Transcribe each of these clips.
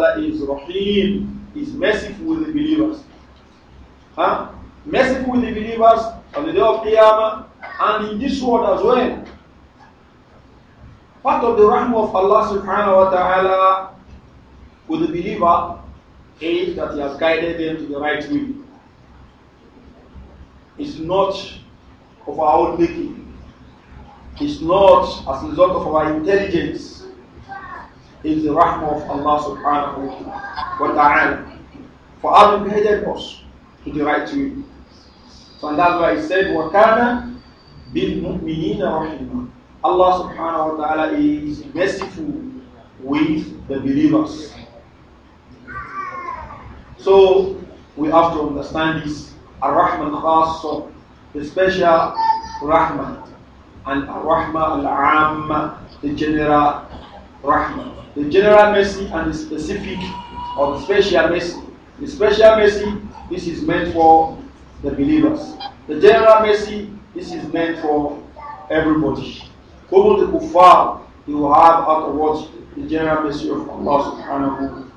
ta'ala is Rahim, is merciful with the believers. Huh? Merciful with the believers on the day of Qiyamah and in this world as well. Part of the rahmah of Allah subhanahu wa ta'ala with the believer is that He has guided them to the right way. It's not of our own making. It's not as a result of our intelligence is the rahmah of Allah subhanahu wa ta'ala for having guided us to the right way. So and that's why he said, وَكَانَ بِالْمُؤْمِنِينَ رَحِيمًا Allah subhanahu wa ta'ala is merciful with the believers. So we have to understand this. Ar-Rahman Khassa, the special Rahman, and Ar-Rahma Al-Amma, the general the general mercy and the specific or the special mercy. The special mercy, this is meant for the believers. The general mercy, this is meant for everybody. Both the kuffar, you will have afterwards the general mercy of Allah subhanahu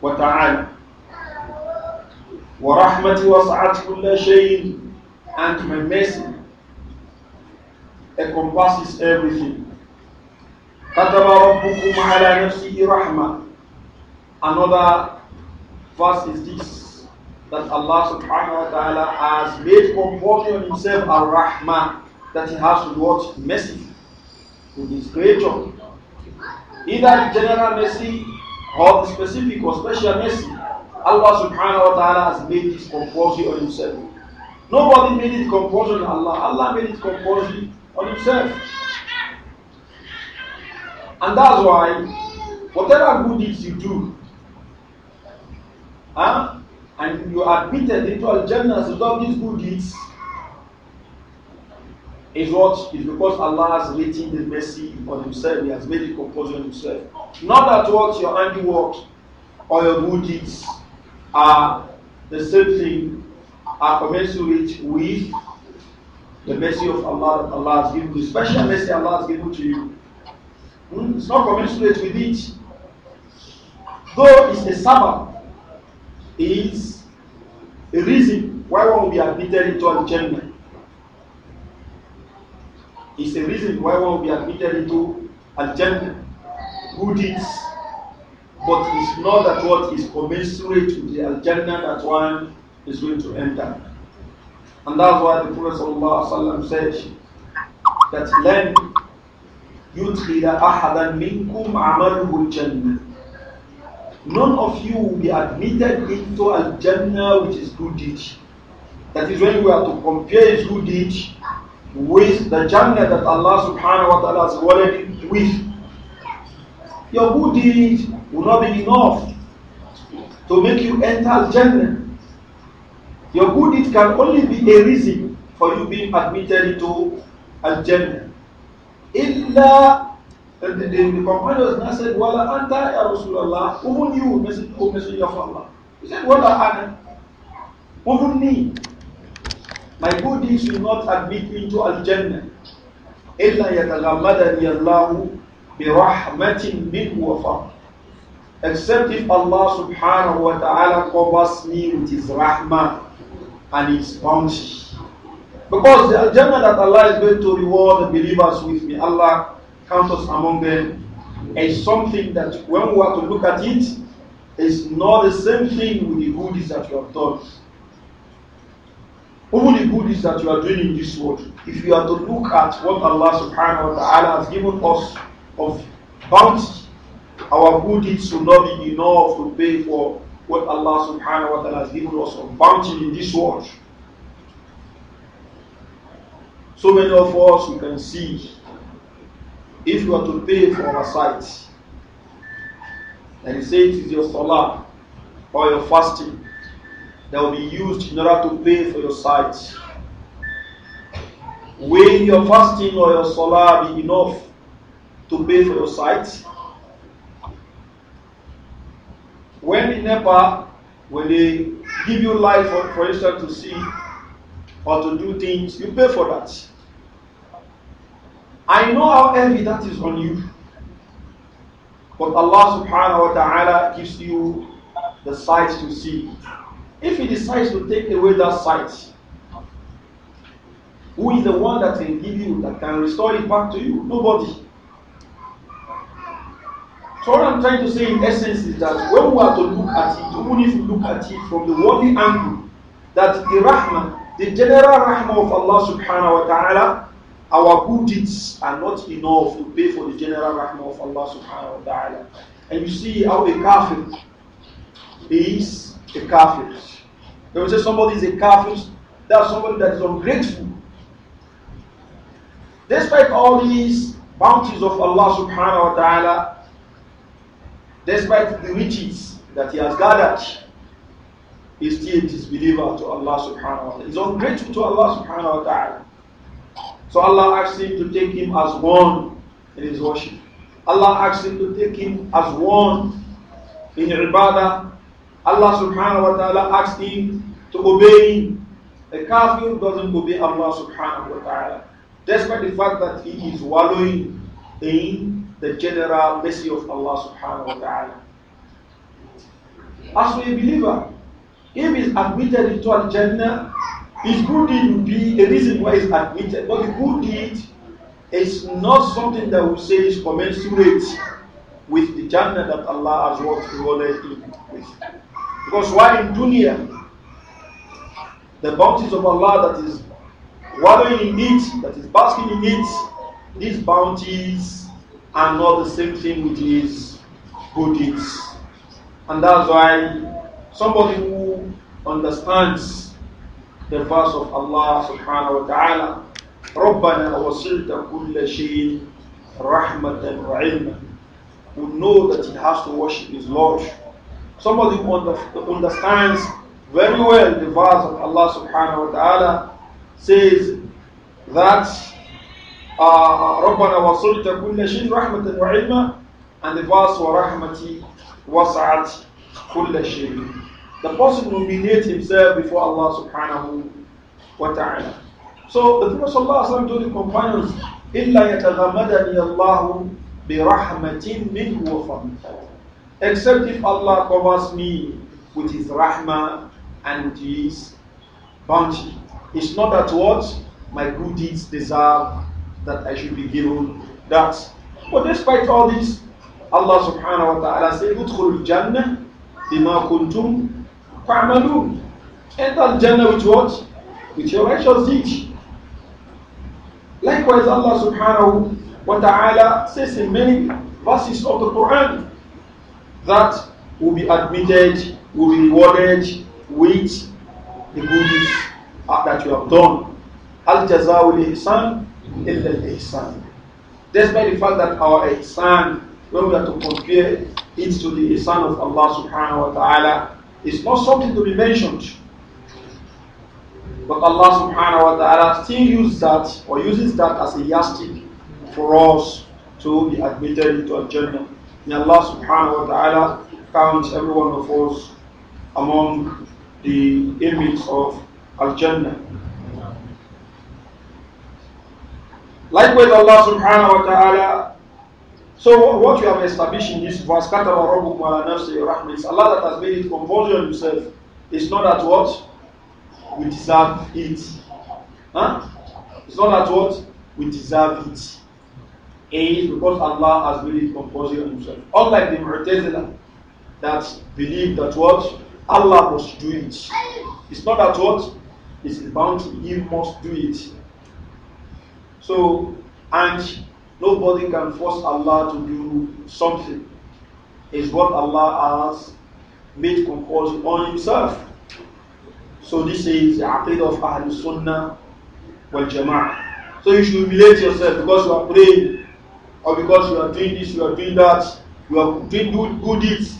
wa ta'ala. وَرَحْمَتِ وَسَعَتْ كُلَّ شَيْءٍ And my mercy encompasses everything. kataba rabbukum ala nafsihi rahma. Another verse is this that Allah subhanahu wa ta'ala has made compulsory on himself a that he has to watch mercy to his creature. Either general mercy or specific or special mercy, Allah subhanahu wa ta'ala has made this compulsory on himself. Nobody made it compulsory on Allah. Allah made it compulsory on himself. And that's why whatever good deeds you do, huh, and you are admitted into Al Jannah as a result of these good deeds, is what is because Allah has written the mercy on Himself, He has made it compulsory on Himself. Not that what your handiwork or your good deeds are the same thing, are commensurate with the mercy of Allah that Allah has given you, the special mercy Allah has given to you. Hmm? It's not commensurate with it. Though it's a sabbath, it is a reason why one will be admitted into Al-Jannah. It's a reason why one will be admitted into Al-Jannah. Good deeds. But it's not that what is commensurate with the Al-Jannah that one is going to enter. And that's why the Prophet said that learn يدخل أحدا منكم عمله الجنة None of you will be admitted into a Jannah which is good deed. That is when we are to compare his good deed with the Jannah that Allah subhanahu wa ta'ala has rewarded it with. Your good deed will not be enough to make you enter Jannah. Your good deed can only be a reason for you being admitted into Al Jannah. إلا the, the, the companions now said, Wala anta ya Rasulullah, even you, messenger, O Messenger of Allah. He said, Wala ana, even My good deeds will not admit me into Al-Jannah. إلا يتغمدني الله برحمة منه وفضل Except if Allah subhanahu wa ta'ala covers me with his rahmah and his bounty. Because the Jannah that Allah is going to reward the believers with me, Allah counts us among them, is something that when we are to look at it, is not the same thing with the goodies that you have done. All the goodies that you are doing in this world, if you are to look at what Allah subhanahu wa ta'ala has given us of bounty, our goodies will not be enough to pay for what Allah subhanahu wa ta'ala has given us of bounty in this world. So many of us, we can see, if you are to pay for our sight, and you say it is your salah or your fasting that will be used in order to pay for your sight, will your fasting or your salah be enough to pay for your sight? When in Nepal, when they give you life, for, for instance, to see or to do things, you pay for that. I know how heavy that is on you. But Allah subhanahu wa ta'ala gives you the sight to see. If He decides to take away that sight, who is the one that can give you, that can restore it back to you? Nobody. So what I'm trying to say in essence is that when we are to look at it, even if we look at it from the worldly angle, that the Rahman, the general Rahman of Allah subhanahu wa ta'ala our good deeds are not enough to pay for the general rahmah of Allah subhanahu wa ta'ala. And you see how a kafir is a kafir. When we say somebody is a kafir, that's somebody that is ungrateful. Despite all these bounties of Allah subhanahu wa ta'ala, despite the riches that he has gathered, he still a disbeliever to Allah subhanahu wa ta'ala. He's ungrateful to Allah subhanahu wa ta'ala. So Allah asked him to take him as one in his worship. Allah asked him to take him as one in ibadah. Allah subhanahu wa ta'ala asked him to obey him. A kafir doesn't obey Allah subhanahu wa ta'ala. Despite the fact that he is wallowing in the general mercy of Allah subhanahu wa ta'ala. As a believer, if he is admitted into Al-Jannah, his good deed be a reason why he's admitted. But the good deed is not something that we say is commensurate with the Jannah that Allah has worked rewarded him with. Because while in dunya, the bounties of Allah that is wallowing in it, that is basking in it, these bounties are not the same thing with his good deeds. And that's why somebody who understands the verse of Allah subhanahu wa ta'ala, رَبَّنَا وَصِلْتَ كُلَّ شَيْءٍ رَحْمَةً وَعِلْمًا We know that he has to worship his Lord. Somebody who understands very well the verse of Allah subhanahu wa ta'ala says that رَبَّنَا وَصِلْتَ كُلَّ شَيْءٍ رَحْمَةً وَعِلْمًا and the verse وَرَحْمَتِي وَسَعَتْ كُلَّ شَيْءٍ the person will humiliate himself before Allah subhanahu wa ta'ala. So the Prophet sallallahu told the companions, إِلَّا Except if Allah covers me with His rahmah and His bounty. It's not that what my good deeds deserve that I should be given that. But despite all this, Allah subhanahu wa ta'ala said, Kwamalu. Enter Jannah with what? With your righteous deeds. Likewise, Allah subhanahu wa ta'ala says in many verses of the Quran that will be admitted, will be rewarded with the goodies that you have done. Al jazawul ihsan illa ihsan. Despite the fact that our ihsan, when we are to compare it to the ihsan of Allah subhanahu wa ta'ala, It's not something to be mentioned. But Allah subhanahu wa ta'ala still uses that or uses that as a yardstick for us to be admitted into a journey. May Allah subhanahu wa ta'ala count every one of us among the inmates of Al Jannah. Likewise, Allah subhanahu wa ta'ala So what you have established in this verse, is Allah that has made it compulsory on himself. is not that what we deserve it. Huh? It's not that what we deserve it. It is because Allah has made it compulsory on himself. Unlike the Mu'tazila that believe that what Allah must do it. It's not that what is bound to He must do it. So, and Nobody can force Allah to do something. It's what Allah has made compulsory on Himself. So this is the aqidah of Ahlul Sunnah wal Jama'ah. So you should relate yourself because you are praying or because you are doing this, you are doing that, you are doing good, good deeds.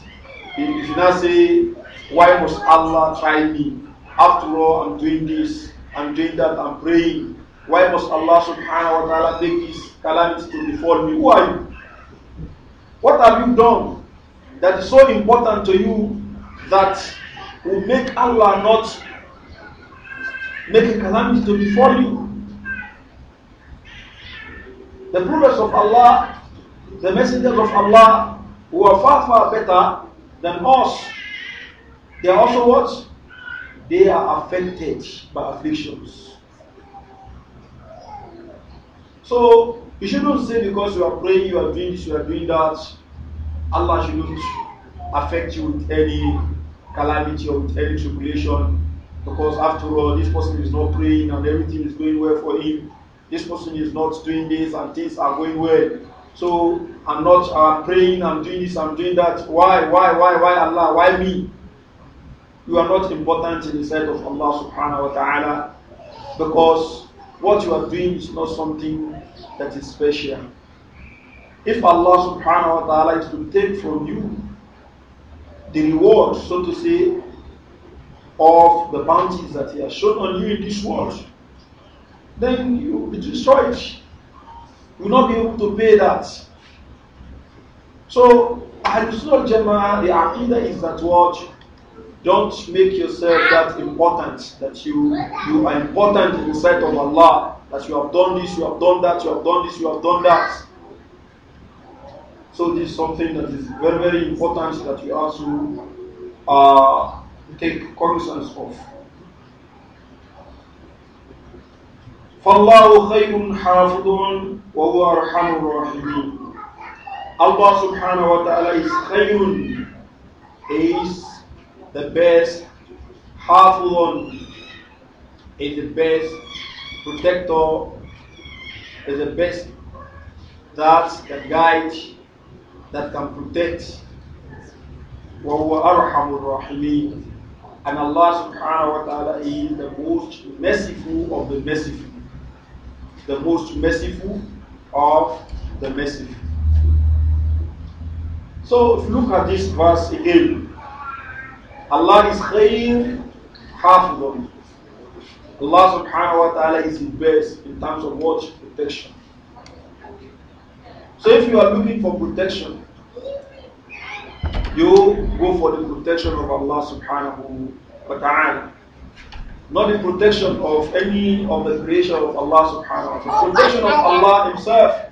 You should not say, why must Allah try me? After all, I'm doing this, I'm doing that, I'm praying. Why must Allah subhanahu wa ta'ala make this calamity to befall me? Who are you? What have you done that is so important to you that will make Allah not make a calamity to befall you? The prophets of Allah, the messengers of Allah, who are far, far better than us, they are also what? They are affected by afflictions. So you shouldn't say because you are praying, you are doing this, you are doing that, Allah shouldn't affect you with any calamity or with any tribulation. Because after all, this person is not praying and everything is going well for him. This person is not doing this and things are going well. So I'm not uh, praying, I'm doing this, I'm doing that. Why, why, why, why Allah? Why me? You are not important in the sight of Allah subhanahu wa ta'ala because what you are doing is not something that is special. If Allah subhanahu wa ta'ala is to take from you the reward, so to say, of the bounties that He has shown on you in this world, then you will be destroyed. You will not be able to pay that. So, Ahlul Sunnah Jama'ah, the Aqidah is that what don't make yourself that important that you you are important in the sight of Allah. That you have done this, you have done that, you have done this, you have done that. So this is something that is very very important that we also uh, take cognizance of. فالله خير حافظ وهو أرحم الراحمين. Allah subhanahu wa ta'ala is khayrun. is the best Hafizun is the best protector, is the best that, the guide, that can protect. وَهُوَ أَرْحَمُ الرَّحِيمِ And Allah subhanahu wa ta'ala is the most merciful of the merciful. The most merciful of the merciful. So if you look at this verse again, Allah is khayr hafidun. Allah subhanahu wa ta'ala is the best in terms of what? Protection. So if you are looking for protection, you go for the protection of Allah subhanahu wa ta'ala. Not the protection of any of the creation of Allah subhanahu wa ta'ala. Protection of Allah Himself.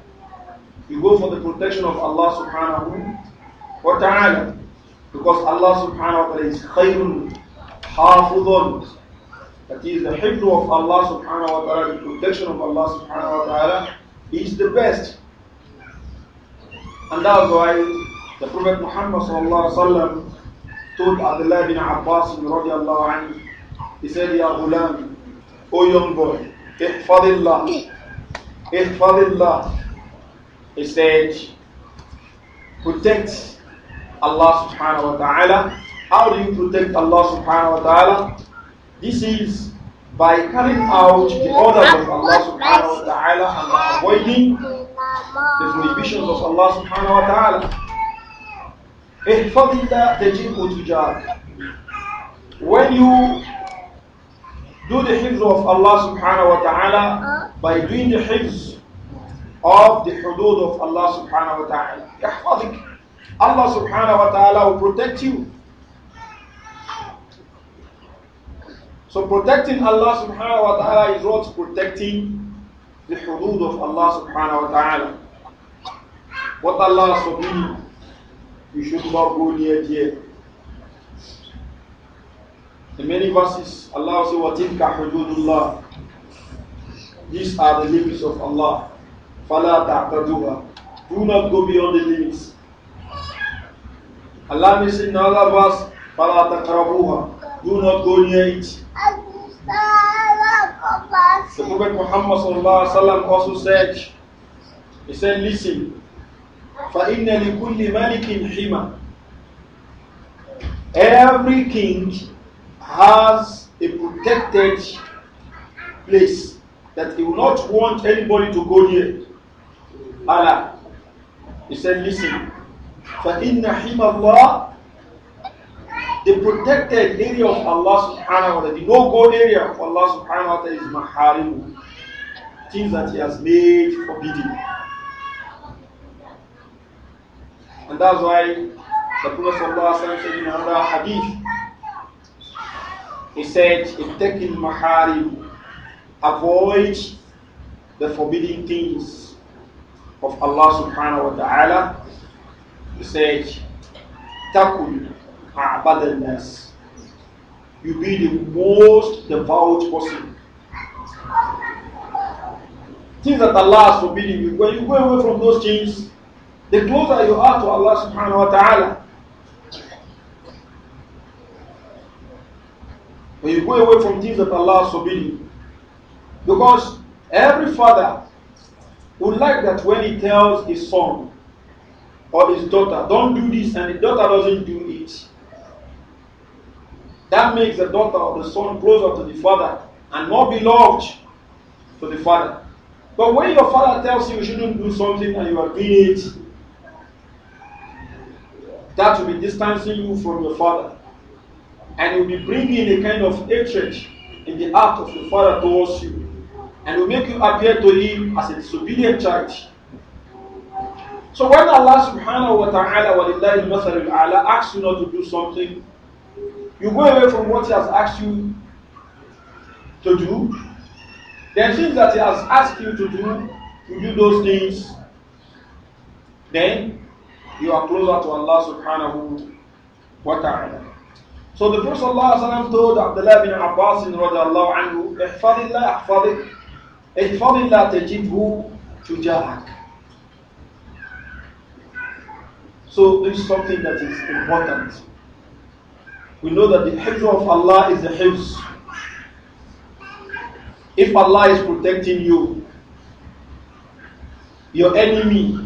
You go for the protection of Allah subhanahu wa ta'ala. Because Allah subhanahu wa ta'ala is khayrun hafudun. is the hifdu of Allah subhanahu wa ta'ala, the protection of Allah subhanahu wa ta'ala is the best. And that's why the Prophet Muhammad sallallahu sallam told Abdullah bin Abbas radiallahu anhu, he said, Ya ghulam, O young boy, ihfadillah, ihfadillah. He said, protect Allah subhanahu wa ta'ala. How do you protect Allah subhanahu wa ta'ala? This is by carrying out the orders of Allah subhanahu wa ta'ala and avoiding the prohibitions of Allah subhanahu wa ta'ala. When you do the hifz of Allah subhanahu wa ta'ala by doing the hifz of the hudud of Allah subhanahu wa ta'ala. Allah subhanahu wa ta'ala will protect you. So protecting Allah subhanahu wa ta'ala is what? Protecting the hudud of Allah subhanahu wa ta'ala. What Allah has forbidden, you should not go near dear. In many verses, Allah says, وَتِلْكَ حُدُودُ اللَّهِ These are the limits of Allah. فَلَا تَعْتَدُوهَا Do not go beyond the limits. Allah is in all of us, do not go near it. The Prophet Muhammad also said, He said, Listen, فَإِنَّ لِكُلِّ مَلِكٍ hima. Every king has a protected place that he will not want anybody to go near. Allah. He said, Listen, فَإِنَّ حِمَ اللَّهِ The protected area of Allah subhanahu wa ta'ala, the no-go area of Allah subhanahu wa ta'ala is maharimu, things that He has made forbidden. And that's why the Prophet said in another hadith, he said, Ittaqil maharim, avoid the forbidden things of Allah subhanahu wa ta'ala he tackle our Abadanas. You be the most devout person. Things that Allah has forbidden you. When you go away from those things, the closer you are to Allah subhanahu wa ta'ala. When you go away from things that Allah has forbidden Because every father would like that when he tells his son, or his daughter, don't do this, and the daughter doesn't do it. That makes the daughter or the son closer to the father and more beloved to the father. But when your father tells you you shouldn't do something and you are doing it, that will be distancing you from your father. And it will be bringing a kind of hatred in the heart of your father towards you. And will make you appear to him as a disobedient child. So when Allah subhanahu wa ta'ala wa lillahi al ala asks you not to do something, you go away from what He has asked you to do. Then things that He has asked you to do, you do those things. Then you are closer to Allah subhanahu wa ta'ala. So the Prophet ﷺ told Abdullah bin Abbas in Allahu anhu, احفظ الله احفظك احفظ الله تجده تجاهك So this is something that is important. We know that the house of Allah is the house. If Allah is protecting you, your enemy,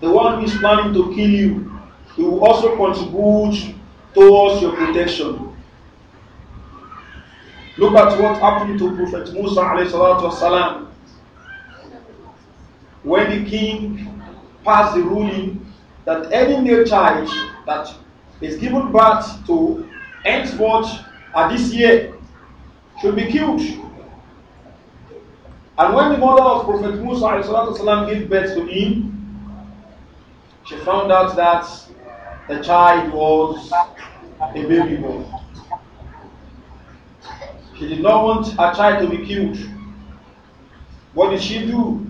the one who is planning to kill you, he will also contribute towards your protection. Look at what happened to Prophet Musa والسلام, when the king passed the ruling that any male child that is given birth to henceforth at uh, this year should be killed. And when the mother of Prophet Musa gave birth to him, she found out that the child was a baby boy. She did not want her child to be killed. What did she do?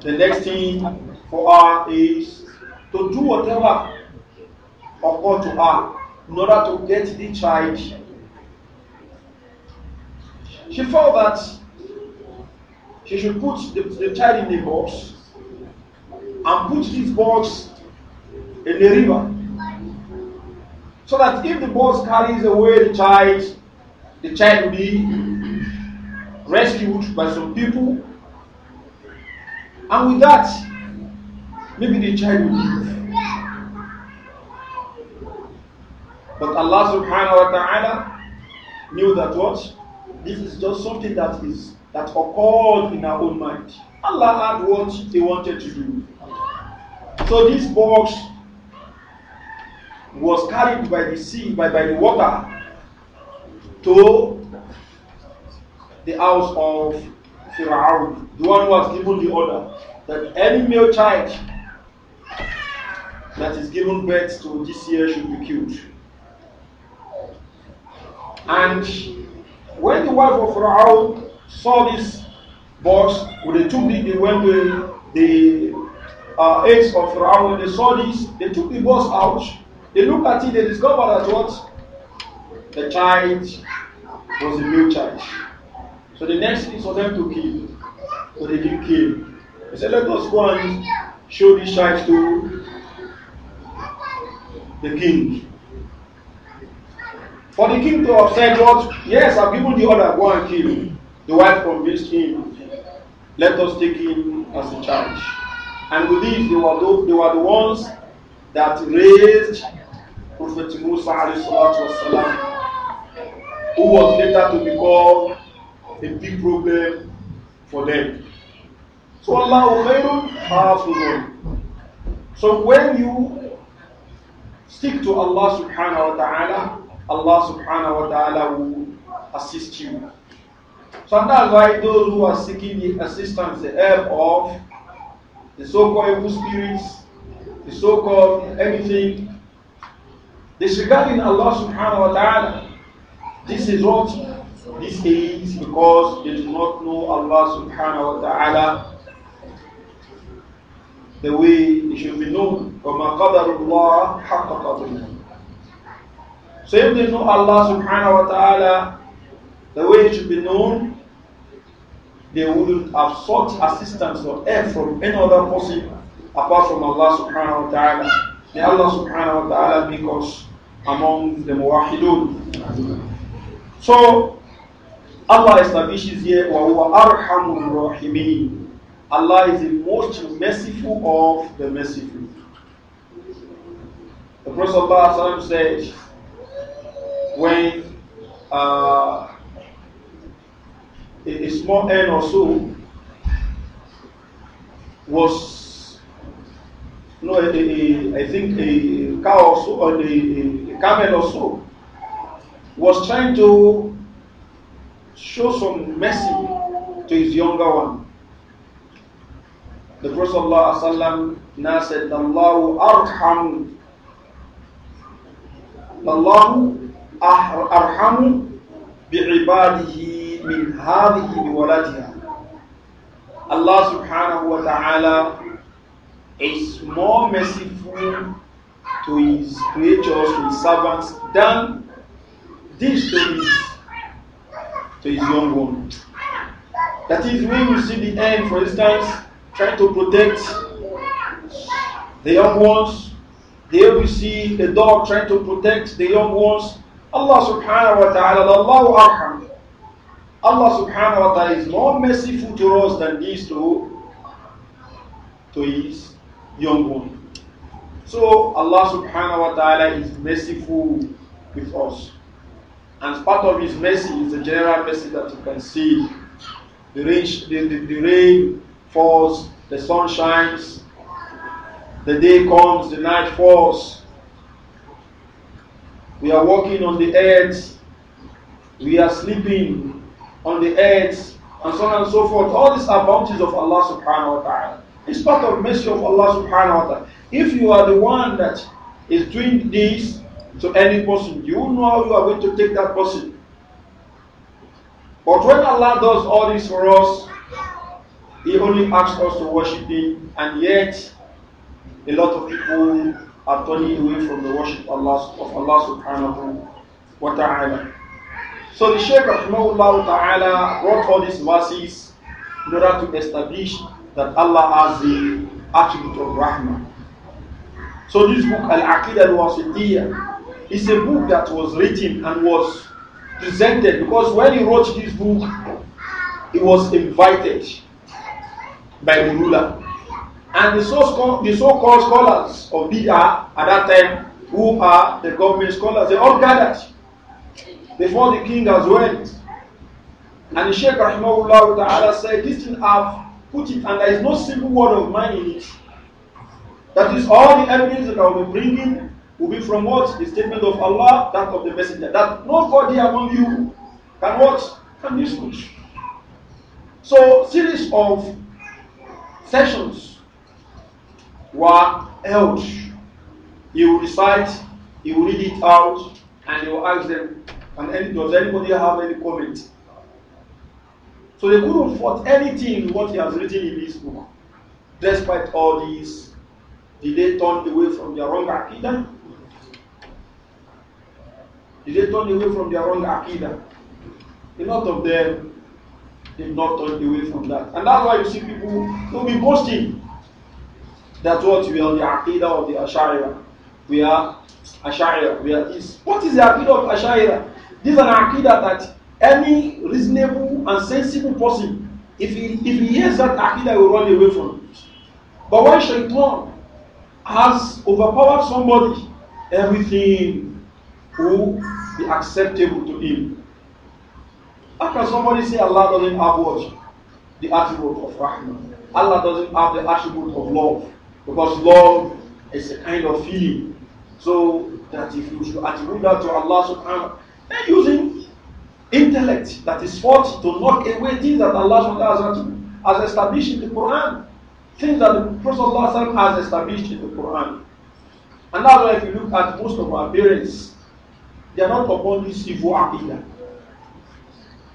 The next thing for her is to do whatever occur to her in order to get the child. She felt that she should put the, the child in a box and put this box in the river so that if the box carries away the child, the child will be rescued by some people. And with that, Maybe the child will leave. But Allah subhanahu wa ta'ala knew that what? This is just something that is that occurred in our own mind. Allah had what they wanted to do. So this box was carried by the sea, by, by the water, to the house of Pharaoh, the one who has given the order that any male child that is given birth to this year should be killed. And when the wife of Raoul saw this box, with the two it, they went to the uh, aides of Raoul, when they saw this, they took the box out, they looked at it, they discovered that what? The child was a male child. So the next thing for them to kill, so they didn't kill. They said, let us go and show this child to the king. For the king to upset what? Yes, I've given the order, go and kill The wife convinced him, let us take him as a charge. And with this, they were, the, they were the ones that raised Prophet Musa wasalam, who was later to become a big problem for them. So Allah khairun hafizun. So when you stick to Allah subhanahu wa ta'ala, Allah subhanahu wa ta'ala will assist you. So that's why those who are seeking the assistance, the help of the so-called evil spirits, the so-called anything, disregarding Allah subhanahu wa ta'ala, this is what this is because they do not know Allah subhanahu wa ta'ala the way it should be known. وَمَا قَدَرُ اللَّهَ حَقَّ قَدْرِهِ So if they know Allah subhanahu wa ta'ala the way it should be known, they wouldn't have sought assistance or help from any other person apart from Allah subhanahu wa ta'ala. May Allah subhanahu wa ta'ala make us among the muwahidun. So Allah establishes here, وَهُوَ أَرْحَمُ الرَّحِمِينَ Allah is the most merciful of the merciful. The Prophet Allah said, when uh, a, small hen or so was, no, I think a cow or so, or a, a camel or so, was trying to show some mercy to his younger one. The Prophet ﷺ now said, Allahu arham. Allahu arham, bi'ibadihi min hadhihi biwaladiha. Allah subhanahu wa ta'ala is more merciful to his creatures, to his servants, than this to his, to his young one. That is when you see the end, for instance, trying to protect the young ones. There we see the dog trying to protect the young ones. Allah subhanahu wa ta'ala, Allah arham. Allah subhanahu wa ta'ala is more merciful to us than this to, to his young one. So Allah subhanahu wa ta'ala is merciful with us. And part of his mercy is the general mercy that you can see. The rain, the, the, the rain falls, the sun shines, the day comes, the night falls. We are walking on the earth, we are sleeping on the earth, and so on and so forth. All these are bounties of Allah subhanahu wa ta'ala. It's part of mercy of Allah subhanahu wa ta'ala. If you are the one that is doing this to any person, you know how you are going to take that person. But when Allah does all this for us, he only asks us to worship Him, and yet a lot of people are turning away from the worship Allah, of Allah subhanahu wa ta'ala. So the Shaykh Rahmahullah ta'ala wrote all these verses in order to establish that Allah has the attribute of Rahma. So this book, Al-Aqidah Al-Wasitiyah, is a book that was written and was presented because when he wrote this book, he was invited by the ruler. And the so-called the so scholars of Bid'ah at that time, who are the government scholars, they all gathered before the king as well. And the Sheikh Rahimahullah Ta'ala said, This thing I've put it, and there is no single word of mine in it. That is all the evidence that I will be bringing will be from what? The statement of Allah, that of the Messenger. That nobody among you can what? Can dispute. So, series of sessions were held. He will recite, he will read it out, and he will ask them, and any, does anybody have any comment? So they couldn't fault anything what he has written in his book. Despite all these, did they turn away from their wrong akida? Did they turn away from their wrong akida? A lot of them They've not turned away from that. And that's why you see people who be boasting that what we are the Aqidah of the Ash'ariyah. We are Ash'ariyah. We are this. What is the Aqidah of Ash'ariyah? This is an Aqidah that any reasonable and sensible person, if he, if he hears that Aqidah, will run away from it. But when Shaitan has overpowered somebody, everything will be acceptable to him. How can somebody say Allah doesn't have what? The attribute of Rahman. Allah doesn't have the attribute of love. Because love is a kind of feeling. So that if you should attribute that to Allah subhanahu then using intellect that is faulty to knock away things that Allah subhanahu has, has established in the Quran. Things that the Prophet has established in the Quran. And that's if you look at most of our parents, they are not upon this evil aqidah.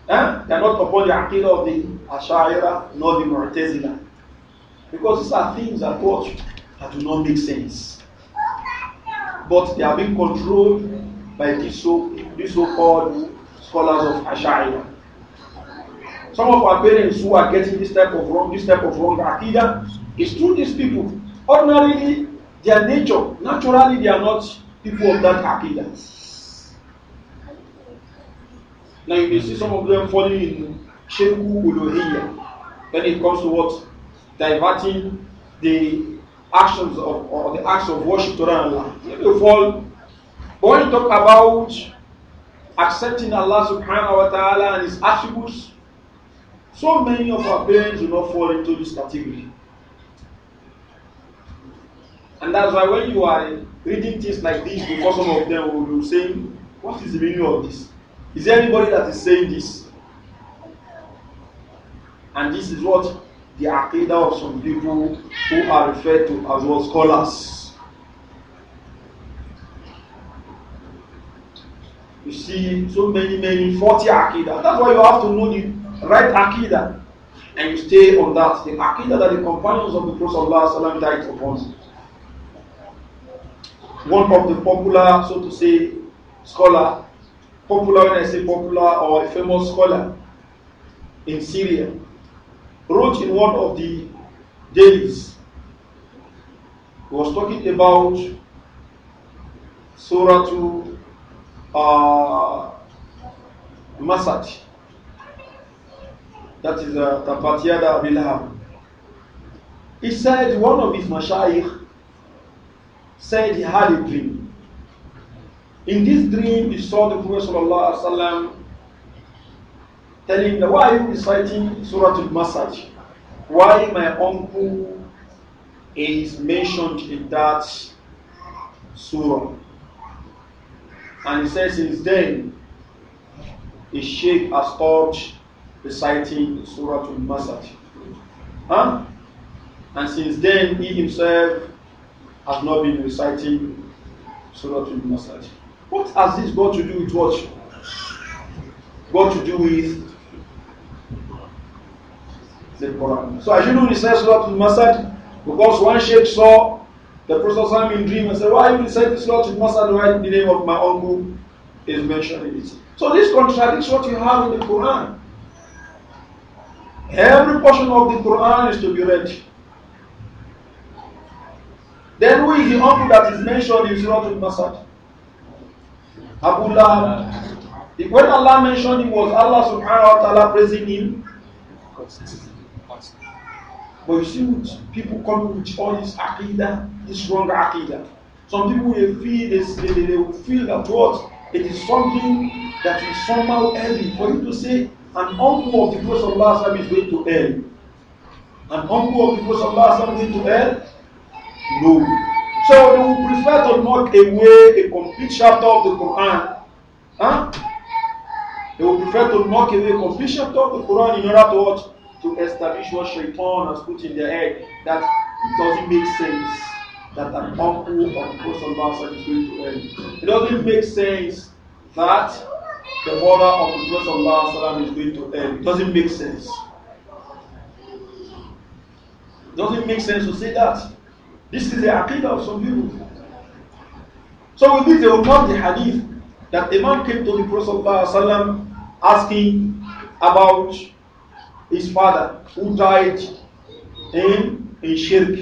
Eh? They are not upon the aqidah of the Ashaira nor the Mu'tazila. Because these are things that what that do not make sense. But they are being controlled by these so these so-called scholars of Ashaira. Some of our parents who are getting this type of wrong, this type of wrong aqidah, is through these people. Ordinarily, their nature, naturally, they are not people of that aqidah. Now you may see some of them falling in Shirku Uluhiyya when it comes to what? Diverting the actions of or the acts of worship to Allah. You fall. But when you talk about accepting Allah subhanahu wa ta'ala and his attributes, so many of our parents do not fall into this category. And that's why when you are reading things like this, because some of them will be saying, What is the meaning of this? Is there anybody that is saying this? And this is what the aqidah of some people who are referred to as well scholars. You see, so many, many, 40 aqidah. That's why you have to know the right aqidah. And you stay on that. The aqidah that the companions of the Prophet died upon. One of the popular, so to say, scholar popular, when I say popular, or a famous scholar in Syria, wrote in one of the dailies. He was talking about Surah to uh, Masad. That is uh, Tapatiyada Abilham. He said one of his mashayikh said he had a dream. In this dream, he saw the Prophet ﷺ telling him, Why are you reciting Surah al Masaj? Why my uncle is mentioned in that surah? And he says, Since then, the Sheikh has stopped reciting Surah al Masaj. Huh? And since then, he himself has not been reciting Surah al Masaj. What has this got to do with what? Got to do with the Quran. So I shouldn't recite Surah Al-Masad because one sheikh saw the Prophet in dream and said, why you recite this Surah Al-Masad why the name of my uncle is mentioned in it. So this contradicts what you have in the Quran. Every portion of the Quran is to be read. Then who is the uncle that is mentioned in Surah Al-Masad? Abu Lahab. When Allah mentioned him, was Allah subhanahu wa ta'ala praising him? But you see with people coming with all this aqidah, this wrong aqidah. Some people will feel this, they, they, will feel that what it is something that is somehow early for you to say an uncle of the Prophet of Allah is going to hell. An uncle of the Prophet of Allah is going to hell? No. So they would prefer to knock away a complete chapter of the Quran. Huh? They would prefer to knock away a complete chapter of the Quran in order to what? To establish what Shaitan has put in their head that it doesn't make sense that an uncle or Prophet is going to end. It doesn't make sense that the mother of the Prophet is going to end. It doesn't make sense. It doesn't make sense to say that. This is the aqidah of some people. So with this, they will the hadith that a man came to the Prophet ﷺ asking about his father who died in, in shirk.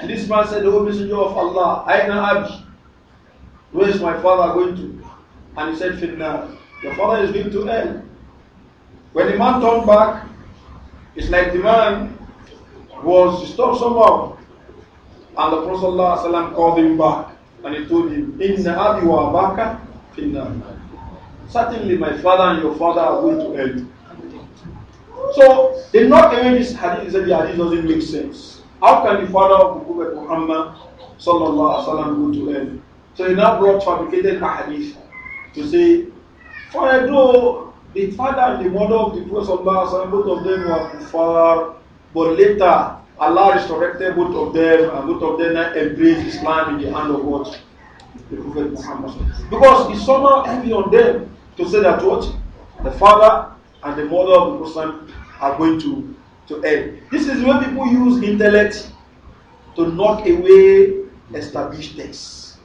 And this man said, O Messenger of Allah, Aina Abdi, where is my father going to? And he said, Fitna, your father is going to hell. When the man turned back, it's like the man was disturbed somehow. And the Prophet ﷺ called him back and he told him, Inna abi wa abaka finna. Certainly my father and your father are going to hell. So they not away this hadith said the hadith doesn't make sense. How can the father of Prophet Muhammad sallallahu alaihi wasallam go to hell? So he now brought fabricated hadith to say, for although the father and the mother of the Prophet sallallahu both of them were kuffar, but later Allah resurrected both of them, and both of them now embrace Islam in the hand of what? The Prophet Muhammad. Because it's somehow heavy on them to say that what? The father and the mother of the Muslim are going to, to end. This is where people use intellect to knock away established texts.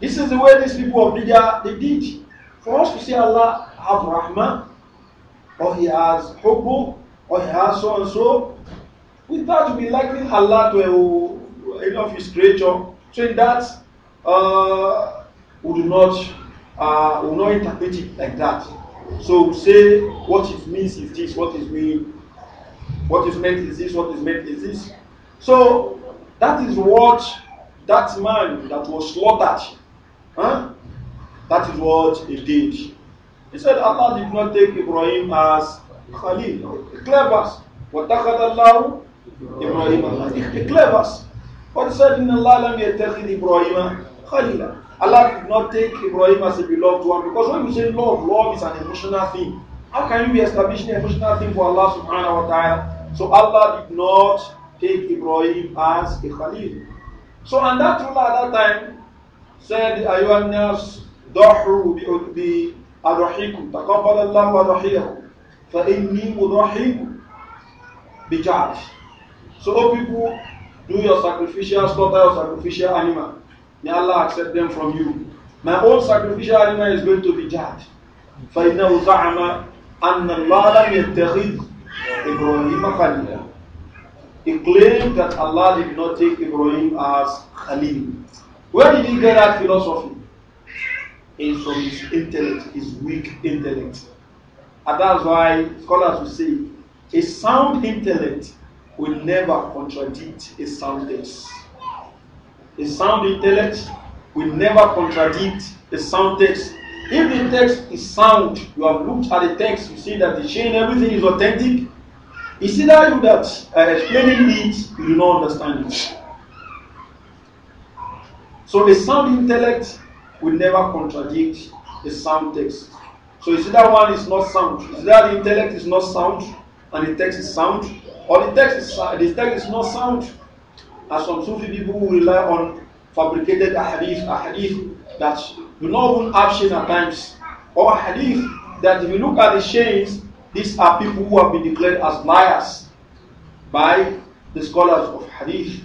This is the way these people of media they did. For us to see Allah have Rahman, or He has Hubbu, or He has so and so, With that, we likely Allah to any of his creature. So in that, uh, we do not uh, will not interpret it like that. So we say what it means is this, what is mean, what is meant is this, what is meant is this. So that is what that man that was slaughtered, huh? that is what he did. He said Allah did not take Ibrahim as Khalil, clever. وَتَخَذَ اللَّهُ إبراهيم He declared us. What he said in Allah, lam yattakhid Allah did not take Ibrahim as a beloved one because when we say love, love is an emotional thing. How can you be establishing an emotional thing for Allah subhanahu wa ta'ala? So Allah did not take Ibrahim as a khalil. So and that ruler at that time said, Ayuhan nas ضحوا بأضحيكم تقبل الله أضحيكم فإني مضحيكم بجعل So, oh people, do your sacrificial, slaughter your sacrificial animal. May Allah accept them from you. My own sacrificial animal is going to be judged. فإنه زعم أن الله لم يتخذ إبراهيم خليلا. He claimed that Allah did not take Ibrahim as Khalil. Where did he get that philosophy? It's from his intellect, his weak intellect. And that's why scholars will say a sound intellect will never contradict a sound text. A sound intellect will never contradict a sound text. If the text is sound, you have looked at the text, you see that the chain, everything is authentic. It's either you that are explaining it, you do not understand it. So a sound intellect will never contradict a sound text. So you see that one is not sound. Is that the intellect is not sound and the text is sound? Or the text is the text is not sound. As some Sufi people who rely on fabricated ahadith, ahadith that do not even have chains, at times. Or hadith that if you look at the chains, these are people who have been declared as liars by the scholars of hadith.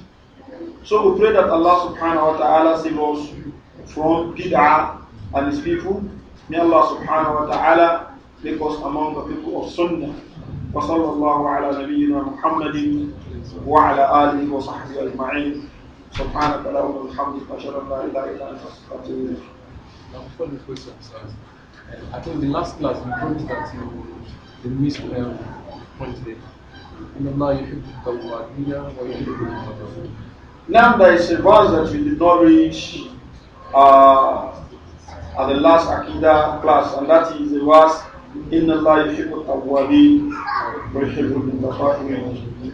So we pray that Allah subhanahu wa ta'ala save us from bid'ah and his people. May Allah subhanahu wa ta'ala make us among the people of sunnah. وصلى الله على نبينا محمد وعلى آله وصحبه أجمعين سبحانك اللهم وبحمدك أشهد أن لا إله إلا أنت أستغفرك وأتوب I think the last class we proved that you the missed um, point there. إن الله يحب التوابين ويحب المتطهرين. Now there is a verse that we did not reach uh, at the last Akida class, and that is the verse إن الله يحب التوابين ويحب المتطهرين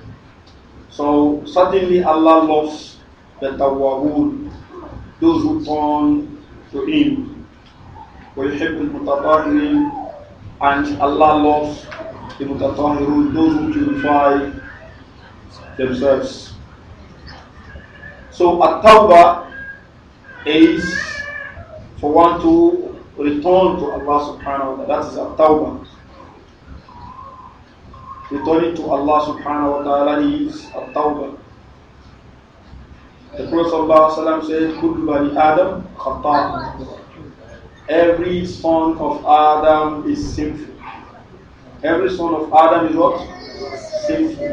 So suddenly, Allah loves the tawabun, those who turn to Him. ويحب المتطهرين and Allah loves the mutatahirun, those who purify themselves. So at-tawbah is for one to return to Allah subhanahu wa ta'ala. That is a tawbah. Returning to Allah subhanahu wa ta'ala is a tawbah. The Prophet sallallahu said, Kullu Adam Every son of Adam is sinful. Every son of Adam is what? Sinful.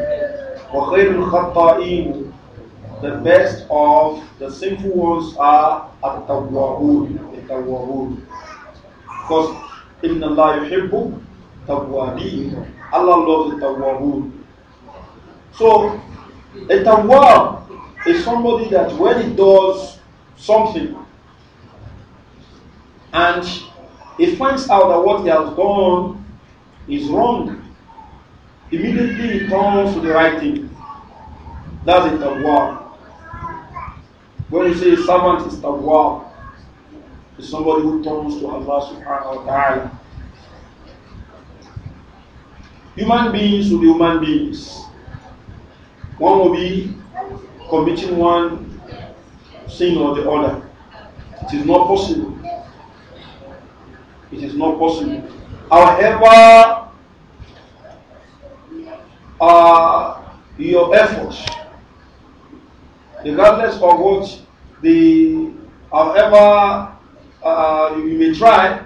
The best of the sinful ones are at-tawwahun. Because inna Allah yuhibbu tawwabin. Allah loves the tawwabun. So a tawwab is somebody that when he does something and he finds out that what he has done is wrong, immediately he turns to the right thing. That's a tawwab. When you say servant is tawwab, is somebody who turns to Allah subhanahu wa ta'ala. Human beings will be human beings. One will be committing one sin or the other. It is not possible. It is not possible. However, uh, your efforts, regardless of what the, however, uh, you, may try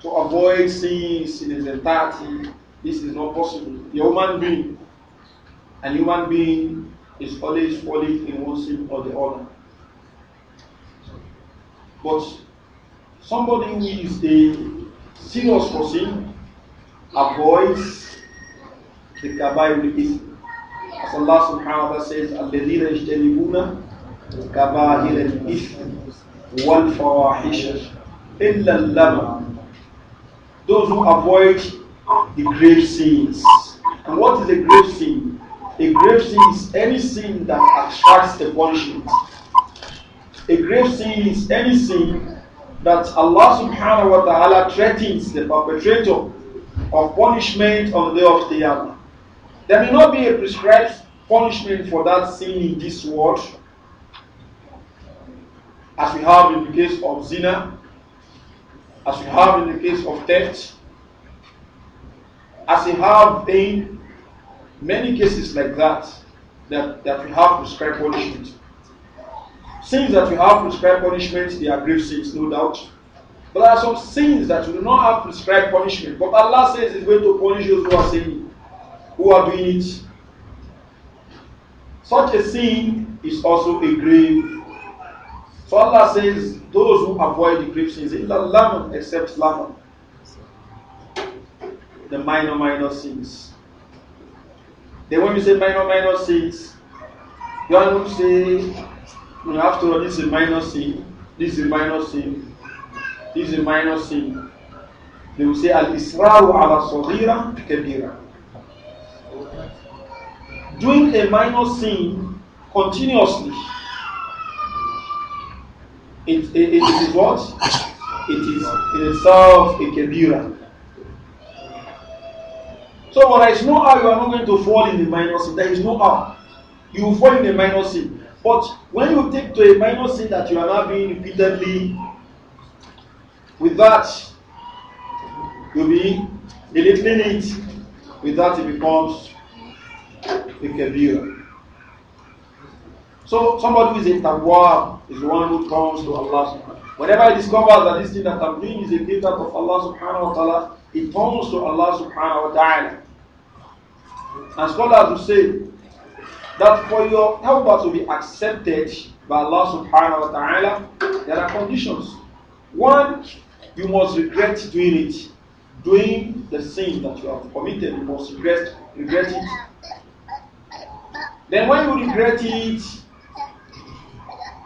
to avoid sins in its entirety. This is not possible. The human being, a human being is always falling in one sin or the other. But somebody who is a serious person avoids the kabair ism. As Allah subhanahu wa ta'ala says, الَّذِينَ يَجْتَنِبُونَ كَبَائِرَ الْإِثْمِ والفواحش إلا اللبن Those who avoid the grave sins. And what is a grave sin? A grave sin is any sin that attracts the punishment. A grave sin is any sin that Allah subhanahu wa ta'ala threatens the perpetrator of punishment on the day of Qiyamah. There may not be a prescribed punishment for that sin in this world, as we have in the case of zina, as we have in the case of theft, as we have in many cases like that, that, that we have prescribed punishment. Sins that we have prescribed punishment, they are grave sins, no doubt. But there are some sins that we do not have prescribed punishment. But Allah says He's going to punish those who are sinning, who are doing it. Such a sin is also a grave So Allah says, those who avoid the grave sins, lamon, except lamon, the minor, minor sins. Then when we say minor, minor sins, you don't say, you know, after all, this is a minor sin, this is a minor sin, this is a minor sin. They will say, al-israru ala saghira kabira. Doing a minor sin continuously it, it, it is what? It is in itself a kebira. So there is no how you are not going to fall in the minor sin. There is no how. You will fall in the minor sin. But when you take to a minor sin that you are not being repeatedly with that, you'll be belittling it. With that, it becomes a kebira. So somebody who is a tawab, is the one who turns to Allah subhanahu wa Whenever he discovers that this thing that I'm doing is a gift of Allah subhanahu wa ta'ala, he turns to Allah subhanahu wa ta'ala. And scholars will say that for your tawbah to be accepted by Allah subhanahu wa ta'ala, there are conditions. One, you must regret doing it. Doing the sin that you have committed, you must regret, regret it. Then when you regret it,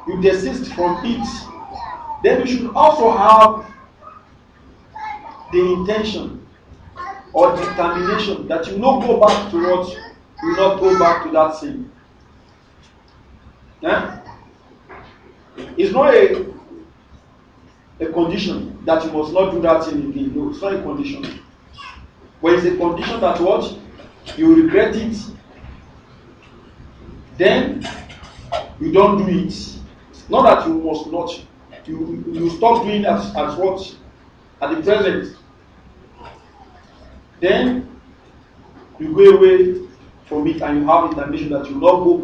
you desist from it, then you should also have the intention or determination that you will not go back to what you will not go back to that sin. Eh? It's not a a condition that you must not do that thing again. No, it's not a condition. But it's a condition that what you regret it, then you don't do it. Not that you must not, you, you stop doing as, as what? At the present. Then you go away from it and you have determination that you will not go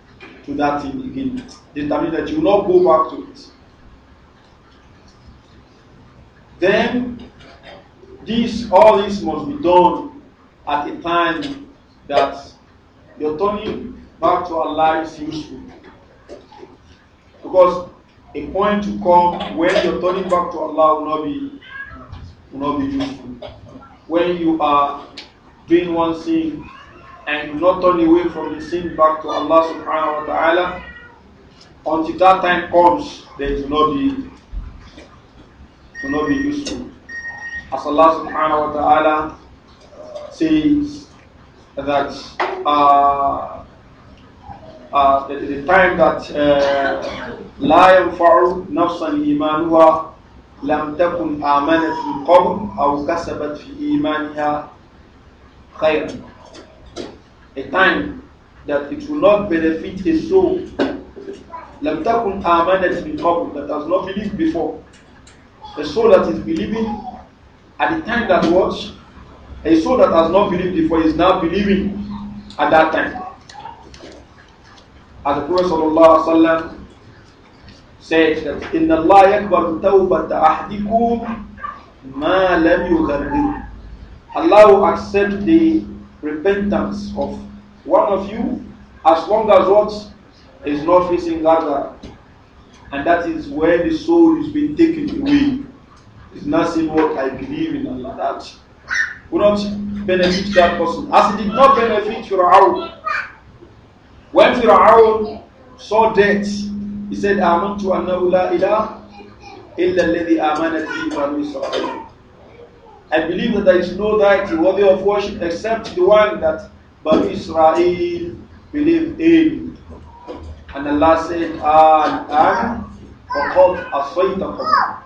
back to that thing again. determination that you will not go back to it. Then this all this must be done at a time that your turning back to Allah is useful. Because a point to come when you're turning back to Allah will not be will not be useful. When you are doing one sin and not turn away from the sin back to Allah subhanahu wa ta'ala, until that time comes, then it will not be will not be useful. As Allah subhanahu wa ta'ala says that uh, uh, the, the, time that لا ينفع نفسا إيمانها lam takun آمنت min قبل aw kasabat fi إيمانها خيرا a time that it will not benefit a soul Lam takun آمنت min قبل that has not believed before a soul that is believing at the time that was a soul that has not believed before is now believing at that time as the Prophet ﷺ said that in Allah yakbar tawbata ahdikum ma lam yugharrir. Allah will accept the repentance of one of you as long as what is not facing other. And that is where the soul is being taken away. It's not saying what I believe in Allah. That will not benefit that person. As it did not benefit your own. When Fir'aun saw death, he said, Amantu annahu la ilaha illa alladhi amanat bihi banu Israel. I believe that there is no deity worthy of worship except the one that Banu Israel believed in. And Allah said, Al-An, faqad asaytakum.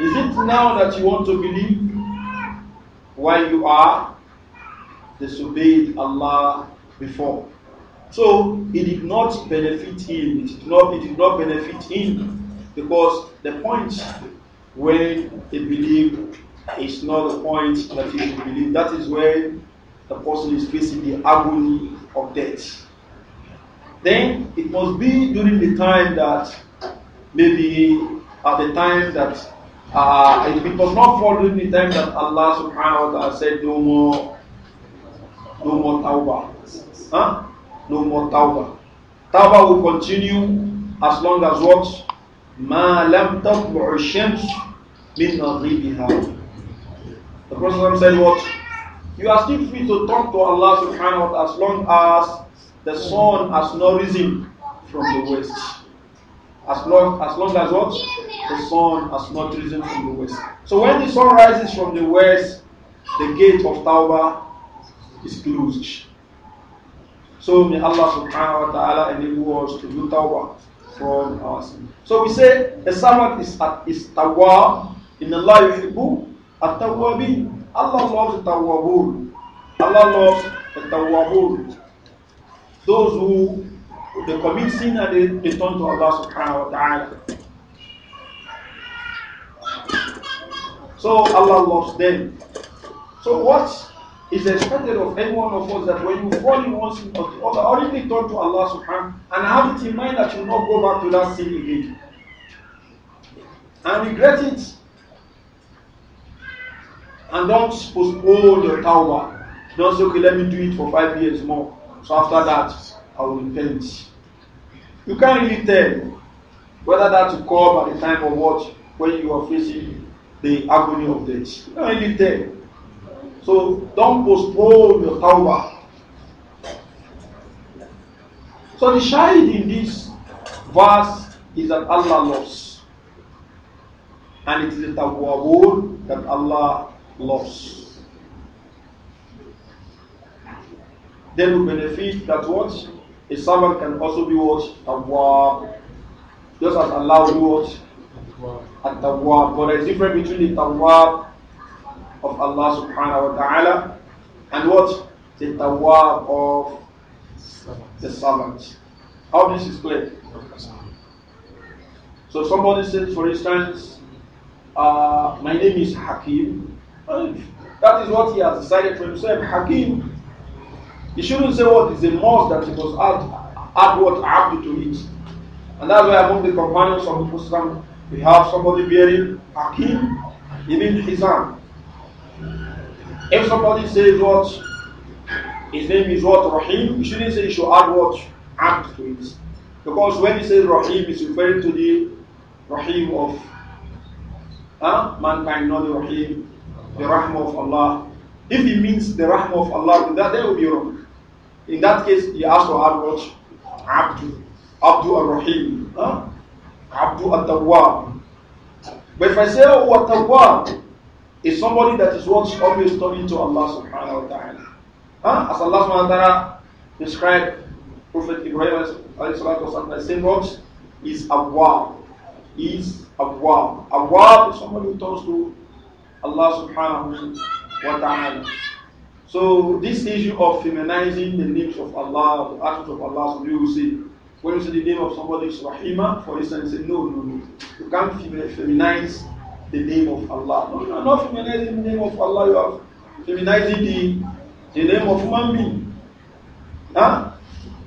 Is it now that you want to believe while you are disobeyed Allah before? So it did not benefit him. It did not, it did not benefit him because the point where he believed is not the point that he should believe. That is where the person is facing the agony of death. Then it must be during the time that maybe at the time that uh, it, was not following the time that Allah subhanahu wa ta'ala said no more no more tawbah. Huh? no more tawbah. Tawbah will continue as long as what? ما لم تطلع not من مغربها. The Prophet said what? You are still free to talk to Allah subhanahu wa ta'ala as long as the sun has not risen from the west. As long, as long as what? The sun has not risen from the west. So when the sun rises from the west, the gate of Tawbah is closed. So may Allah subhanahu wa ta'ala enable us to do tawbah from our sin. So we say a servant is at is tawwab. In the yuhibbu at-tawwabin. Allah loves the Allah loves the tawwabun. Those who they commit sin and they, they turn to Allah subhanahu wa ta'ala. So Allah loves them. So what It's expected of any one of us that when you fall in one sin or the other, already turn to Allah subhanahu and have it in mind that you will not go back to that sin again. And regret it. And don't postpone your tawbah. Don't say, okay, let me do it for five years more. So after that, I will repent. You can't really tell whether that will come at the time of what, when you are facing the agony of death. You can't really tell. So don't postpone your tawbah. So the shahid in this verse is that Allah loves. And it is the tawbah that Allah loves. Then we benefit that what? A servant can also be what? Tawbah. Just as Allah will what? At tawbah. But there is difference between the tawbah of Allah subhanahu wa ta'ala and what? The tawab of the servant. How this is clear? So somebody says, for instance, uh, my name is Hakim. That is what he has decided for himself, Hakim. He shouldn't say what is a must that he must add, add what Abdu to it. And that's why among the companions of the Muslim, we have somebody bearing Hakim, even Hizam. If somebody says what his name is what Rahim, you shouldn't say you should add what act to it. Because when he says Rahim, it's referring to the Rahim of huh? mankind, not the Rahim, the Rahma of Allah. If he means the Rahma of Allah, then that, that would be wrong. In that case, he has to add what? Abdu. Abdu al-Rahim. Huh? Abdu al-Tawwab. But if I say, oh, al-Tawwab, is somebody that is what's always turning to Allah subhanahu wa ta'ala. Huh? As Allah subhanahu wa ta'ala described Prophet Ibrahim والسلام, the same words is awab. Is A Awab is somebody who turns to Allah subhanahu wa ta'ala. So this issue of feminizing the names of Allah, the attributes of Allah, so you will see when you say the name of somebody is Rahima, for instance, say, no, no, no. You can't feminize the name of Allah. No, you are not feminizing the name of Allah, you are feminizing the, the name of human being. Huh?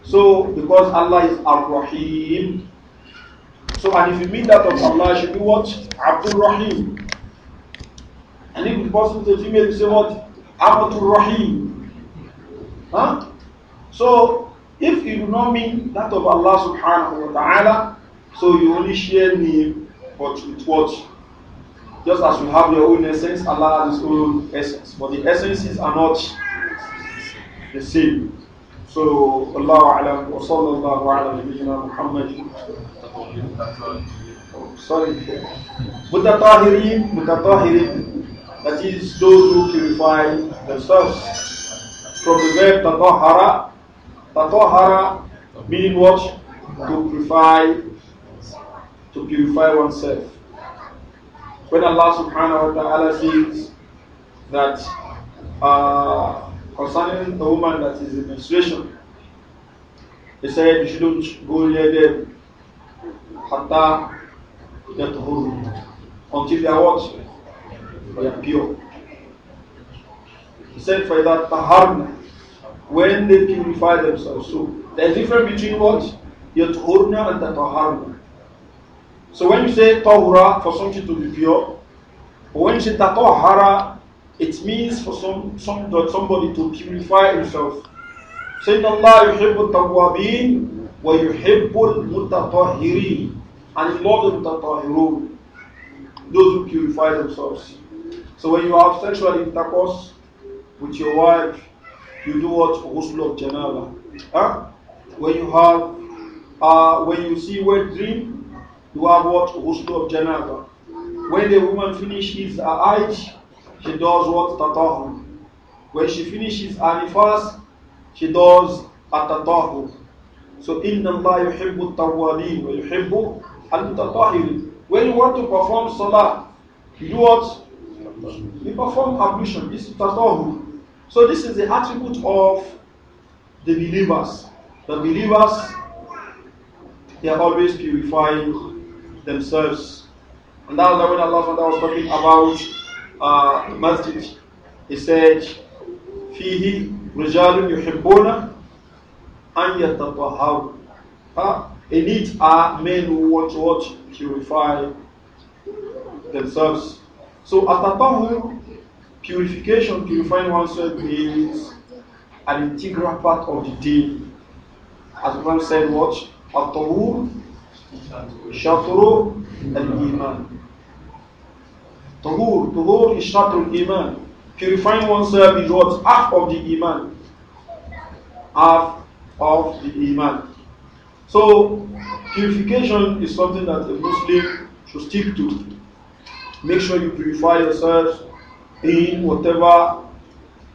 So, because Allah is Ar-Rahim. So, and if you mean that of Allah, should be what? Abdul Rahim. And if the person is a female, you say what? Abdul Rahim. Huh? So, if you do not mean that of Allah subhanahu wa ta'ala, so you only share name, but with what? Just as you have your own essence, Allah has his own essence. But the essences are not the same. So Allah alam wa sallallahu ala nabiyyina Muhammad. sorry. Mutatahirin, mutatahirin. That is those who purify themselves. From the verb tatahara, tatahara meaning what? To purify, to purify oneself. When Allah subhanahu wa ta'ala says that uh, concerning the woman that is in menstruation, He said you shouldn't go near them hatta until they are what? They are pure. He said for that taharna when they purify themselves. So there's a difference between what? Yathurna and the taharna. So when you say tahura for something to be pure, or when you say tatahara, it means for some, some that somebody to purify himself. Sayyidina Allah yuhibbu tawwabin wa yuhibbul mutatahirin. And he the mutatahirun, those who purify themselves. So when you have sexual intercourse with your wife, you do what? Ghusl of janaba. Huh? When you have, uh, when you see wet dream, do what? Ghusl of janaza. When the woman finishes her Hajj, she does what? Tatahur. When she finishes her nifas, she does atatahur. So, inna Allah yuhibbu tawwabin wa yuhibbu al-tatahirin. When you want to perform salah, you do what? You perform ablution. This is tatahur. So this is the attribute of the believers. The believers, they are always purifying themselves. And that was when Allah was talking about uh, the masjid. He said, "Fihi رِجَالٌ يُحِبُّونَ أَنْ يَتَطَهَّرُوا uh, In it are men who want to Purify themselves. So atatahur, purification, purifying oneself is an integral part of the deen. As one said, watch, Atahur شطر الإيمان Tuhur, tuhur is shatrul iman. Purifying oneself is what? Half of the iman. Half of the iman. So, purification is something that a Muslim should stick to. Make sure you purify yourself in whatever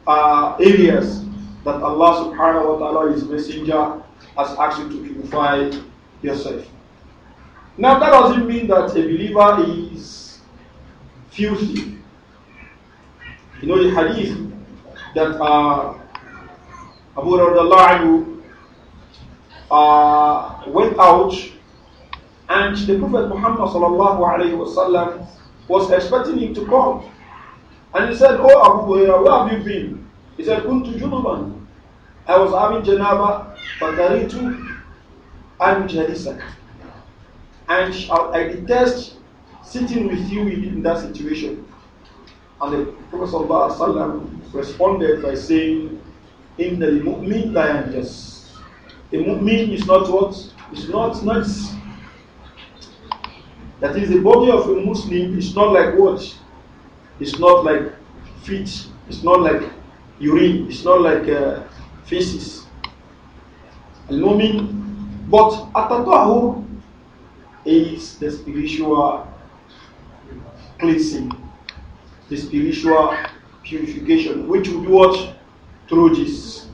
uh, areas that Allah subhanahu wa ta'ala, His Messenger, has asked you to purify yourself. Now, that doesn't mean that a believer is filthy. You know the hadith that uh, Abu Radallahu uh, went out and the Prophet Muhammad sallallahu alayhi wasallam was expecting him to come. And he said, Oh Abu Hurairah, where have you been? He said, Kuntu Junuban. I was having Janaba, Fataritu, and Jalisak. And I, detest sitting with you in that situation. And the Prophet responded by saying, In the mu'min la yes. A mu'min is not what? It's not That is, the body of a Muslim is not like what? It's not like feet. It's not like urine. It's not like uh, feces. Al-mu'min. But atatahu is the spiritual cleansing, the spiritual purification, which we do what? Through this,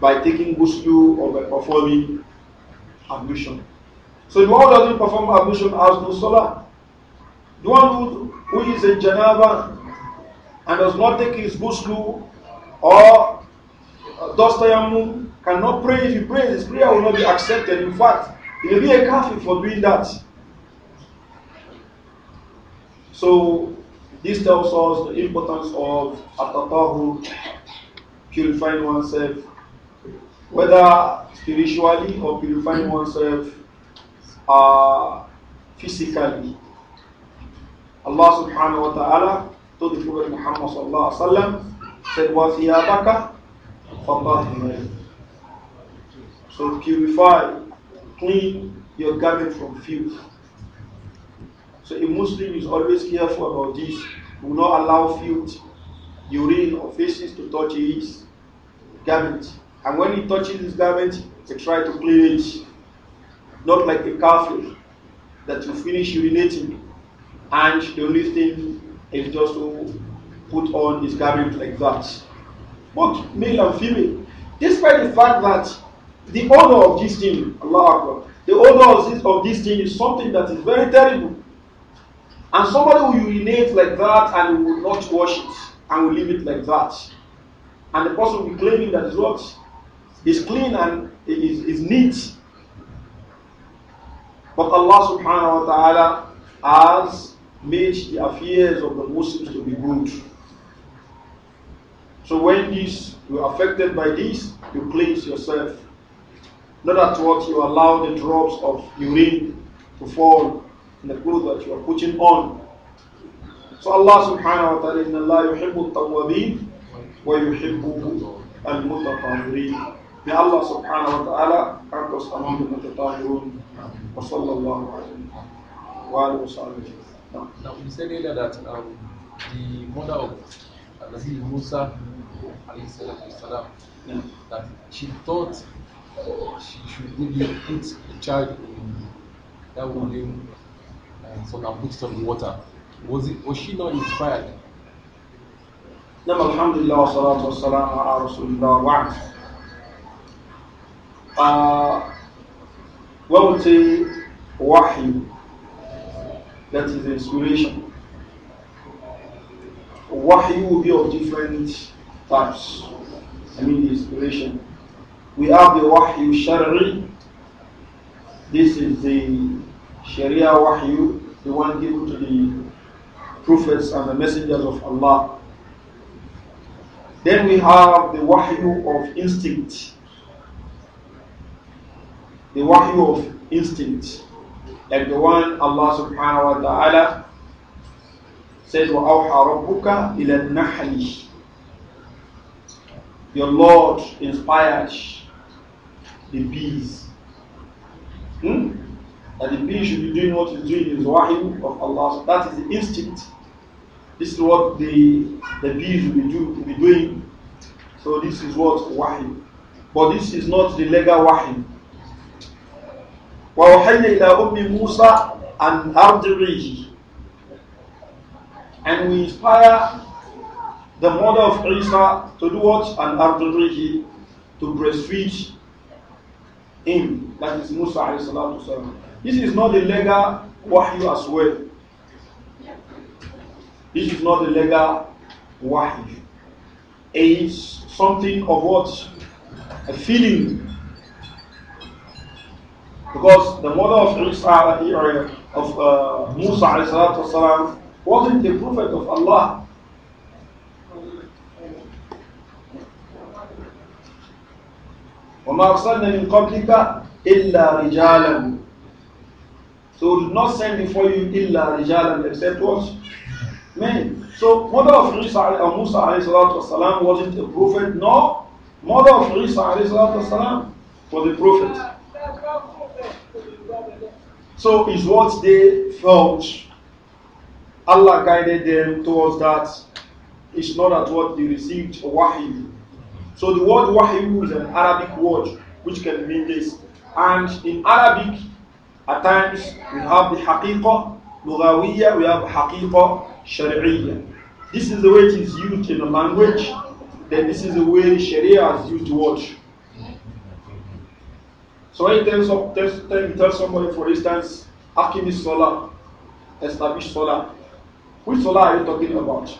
by taking ghusl or by performing ablution. So the one who doesn't perform ablution has no salah. The one who, who is in Janaba and does not take his ghusl or does cannot pray. If he prays, his prayer will not be accepted. In fact, He'll be a kafir for doing that. So this tells us the importance of atatahu, purifying oneself, whether spiritually or purifying oneself uh, physically. Allah subhanahu wa ta'ala told the Prophet Muhammad sallallahu alaihi wasallam said, وَثِيَابَكَ فَطَهِرَ So purify clean your garment from filth. So a Muslim is always careful about this. Will not allow filth, urine, or feces to touch his garment. And when he touches his garment, he try to clean it. Not like a kafir that you finish urinating and the only thing is just to put on his garment like that. Both male and female, despite the fact that The odor of this thing, Allah Akbar, the odor of this, thing is something that is very terrible. And somebody will urinate like that and will not wash it and will leave it like that. And the person will be claiming that is it's clean and is, neat. But Allah subhanahu wa ta'ala has made the affairs of the Muslims to be good. So when this you're affected by this, you cleanse yourself. Not at what you allow the drops of urine to fall in the clothes that you are putting on. So Allah subhanahu wa ta'ala inna Allah yuhibbu tawwabin wa yuhibbu al May Allah subhanahu wa ta'ala us among the mutatahhirun. Wa sallallahu alayhi wa wa Now we said earlier that um, the mother of Nabi Musa that she thought she should maybe put the child in that wooden uh, so can put it on the water. Was it was she not inspired? نعم الحمد لله والصلاة والسلام على رسول الله وعد. Uh, when we say wahi, that is inspiration. Wahi will be of different types. I mean, the inspiration. We have the Wahyu Shari. This is the Sharia Wahyu, the one given to the prophets and the messengers of Allah. Then we have the Wahyu of instinct. The Wahyu of instinct. Like the one Allah subhanahu wa ta'ala says, "Wa رَبُّكَ إِلَى Your Lord inspired the bees. Hmm? That the bee should be doing what he's doing is wahim of Allah. So that is the instinct. This is what the the bees will be, do, will be doing. So this is what wahim. But this is not the legal wahim. وَوَحَيَّ إِلَىٰ أُمِّ مُوسَىٰ أَنْ Musa And we inspire the mother of Isa to do what? An ardrihi, to breastfeed him, that is Musa alayhi salatu wasalam. This is not the legal wahyu as well. This is not the legal wahyu. It is something of what? A feeling. Because the mother of Isa, uh, of uh, Musa alayhi salatu wasalam, wasn't the prophet of Allah. wọ́n máa sọ́nà ní kọ́píkà ìlà rìjálàmù so do not send before you ìlà rìjálàmù except what men so mother of Isa or uh, Musa والسلام, wasn't a prophet No, mother of Isa والسلام, was a prophet so is what they felt Allah guided them towards that it's not at what they received wahi So the word wahyu is an Arabic word which can mean this. And in Arabic, at times we have the hāqiqa lughawiyya, we have hāqiqa shari'iyya. This is the way it is used in the language, then this is the way Sharia is used to watch. So when you tell, tell, tell, tell somebody, for instance, Akimi Salah, establish Salah, which Salah are you talking about?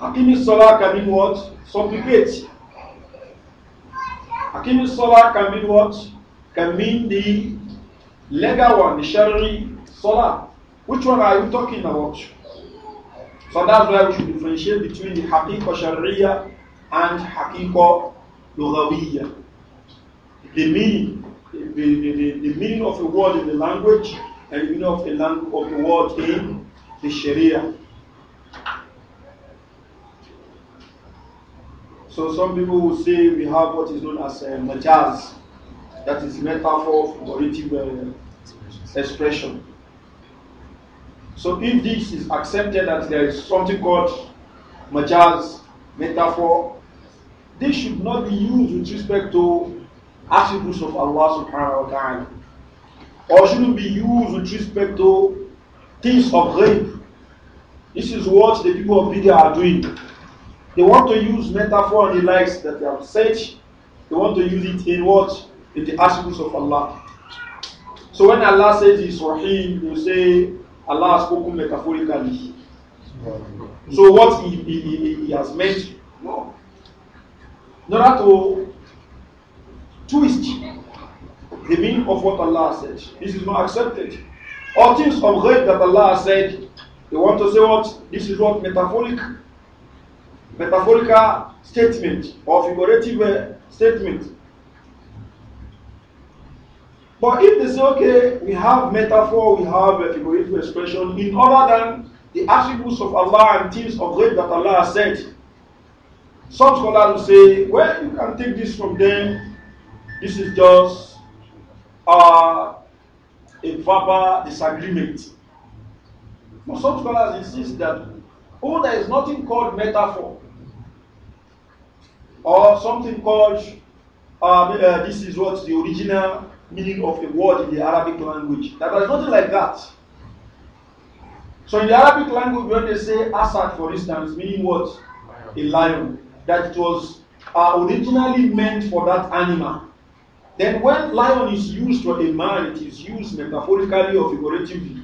Akimi Salah can mean what? Supplicate. Akimu Salah can mean what? Can mean the legal one, the Sharia Salah. Which one are you talking about? So that's why we should differentiate between the Haqiqa Sharia and Haqiqa Lughawiyya. The meaning, the, the, the, the, meaning of a word in the language and the meaning of the lang- of the word in the Sharia. So some people will say we have what is known as uh, majaz, that is metaphor, figurative uh, expression. So if this is accepted that there is something called majaz, metaphor, this should not be used with respect to attributes of Allah subhanahu wa ta'ala. Or shouldn't be used with respect to things of rape. This is what the people of India are doing. They want to use metaphor and the likes that they have said. They want to use it in what? In the attributes of Allah. So when Allah says His Rahim, they say Allah has spoken metaphorically. So what he, he, he has meant, no. In order to twist the meaning of what Allah said, this is not accepted. All things of great that Allah said, they want to say what? This is what metaphoric metaphorical statement or figurative uh, statement. But if they say, okay, we have metaphor, we have a figurative expression, in other than the attributes of Allah and things of great that Allah has said, some scholars will say, well, you can take this from them. This is just uh, a verbal disagreement. But some scholars insist that, oh, there is nothing called metaphor. or something called, uh, uh, this is what the original meaning of a word in the Arabic language. That is nothing like that. So in the Arabic language, when they say Asad, for instance, meaning what? A lion. That it was uh, originally meant for that animal. Then when lion is used for a man, it is used metaphorically or figuratively.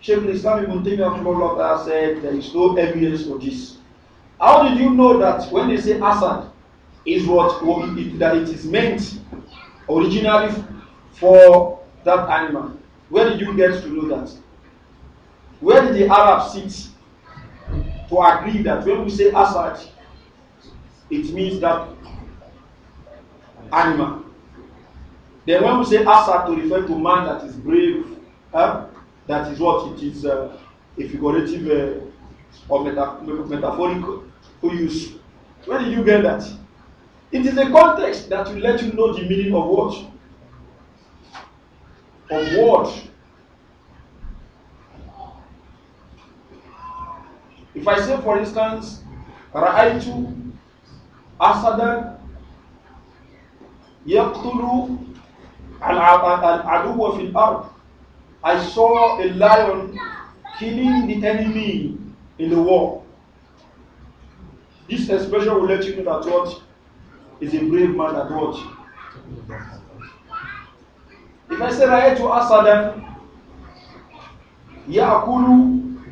Sheikh Islam Ibn Taymiyyah said there is no evidence for this. How did you know that when they say Assad is what it, that it is meant originally for that animal? Where did you get to know that? Where did the Arab sit to agree that when we say Assad, it means that animal? Then when we say Assad to refer to man that is brave, huh? that is what it is uh, a figurative uh, or metaphorical who use. Where did you get that? It is the context that will let you know the meaning of what? Of what? If I say, for instance, Ra'aitu Asadan Yaqtulu Al-Aduwa fil Ard. I saw a lion killing the enemy in the war. This expression will let you know that what is a brave man at what. If I say right to Asadan, Yaakulu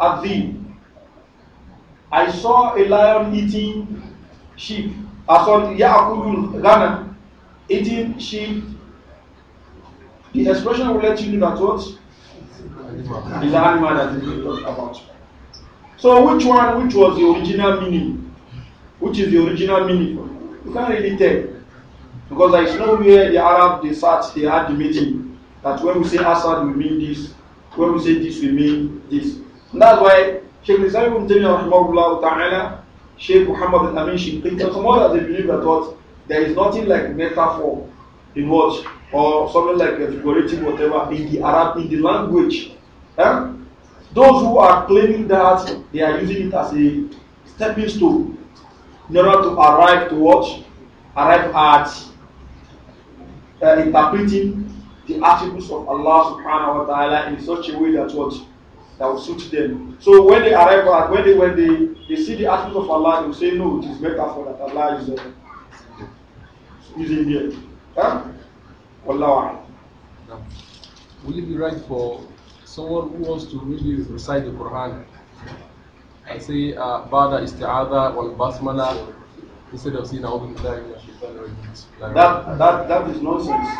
Adhi. I saw a lion eating sheep. I ah, saw Yaakulu Ghana eating sheep. The expression will let you know that what is an animal that is about. So which one, which was the original meaning? Which is the original meaning? You can't really tell. Because there is nowhere the Arab, they sat, they had the meeting. That when we say Assad, we mean this. When we say this, we mean this. And that's why Sheikh Islam ibn Taymiyyah ta'ala, Sheikh Muhammad al-Amin Shinkit, some others, they believe that what? There is nothing like metaphor in what? Or something like a figurative whatever in the Arab, in the language. Eh? Those who are claiming that they are using it as a stepping stone in order to arrive to what? Arrive at uh, interpreting the attributes of Allah subhanahu wa ta'ala in such a way that what that will suit them. So when they arrive at when they when they, they see the attributes of Allah, they will say, No, it is better for that Allah is uh, using here. Huh? Allah. Will it be right for someone who wants to really recite the Quran I say uh, Bada Isti'ada wal Basmala instead of saying A'udhu Billahi That, that, that is nonsense.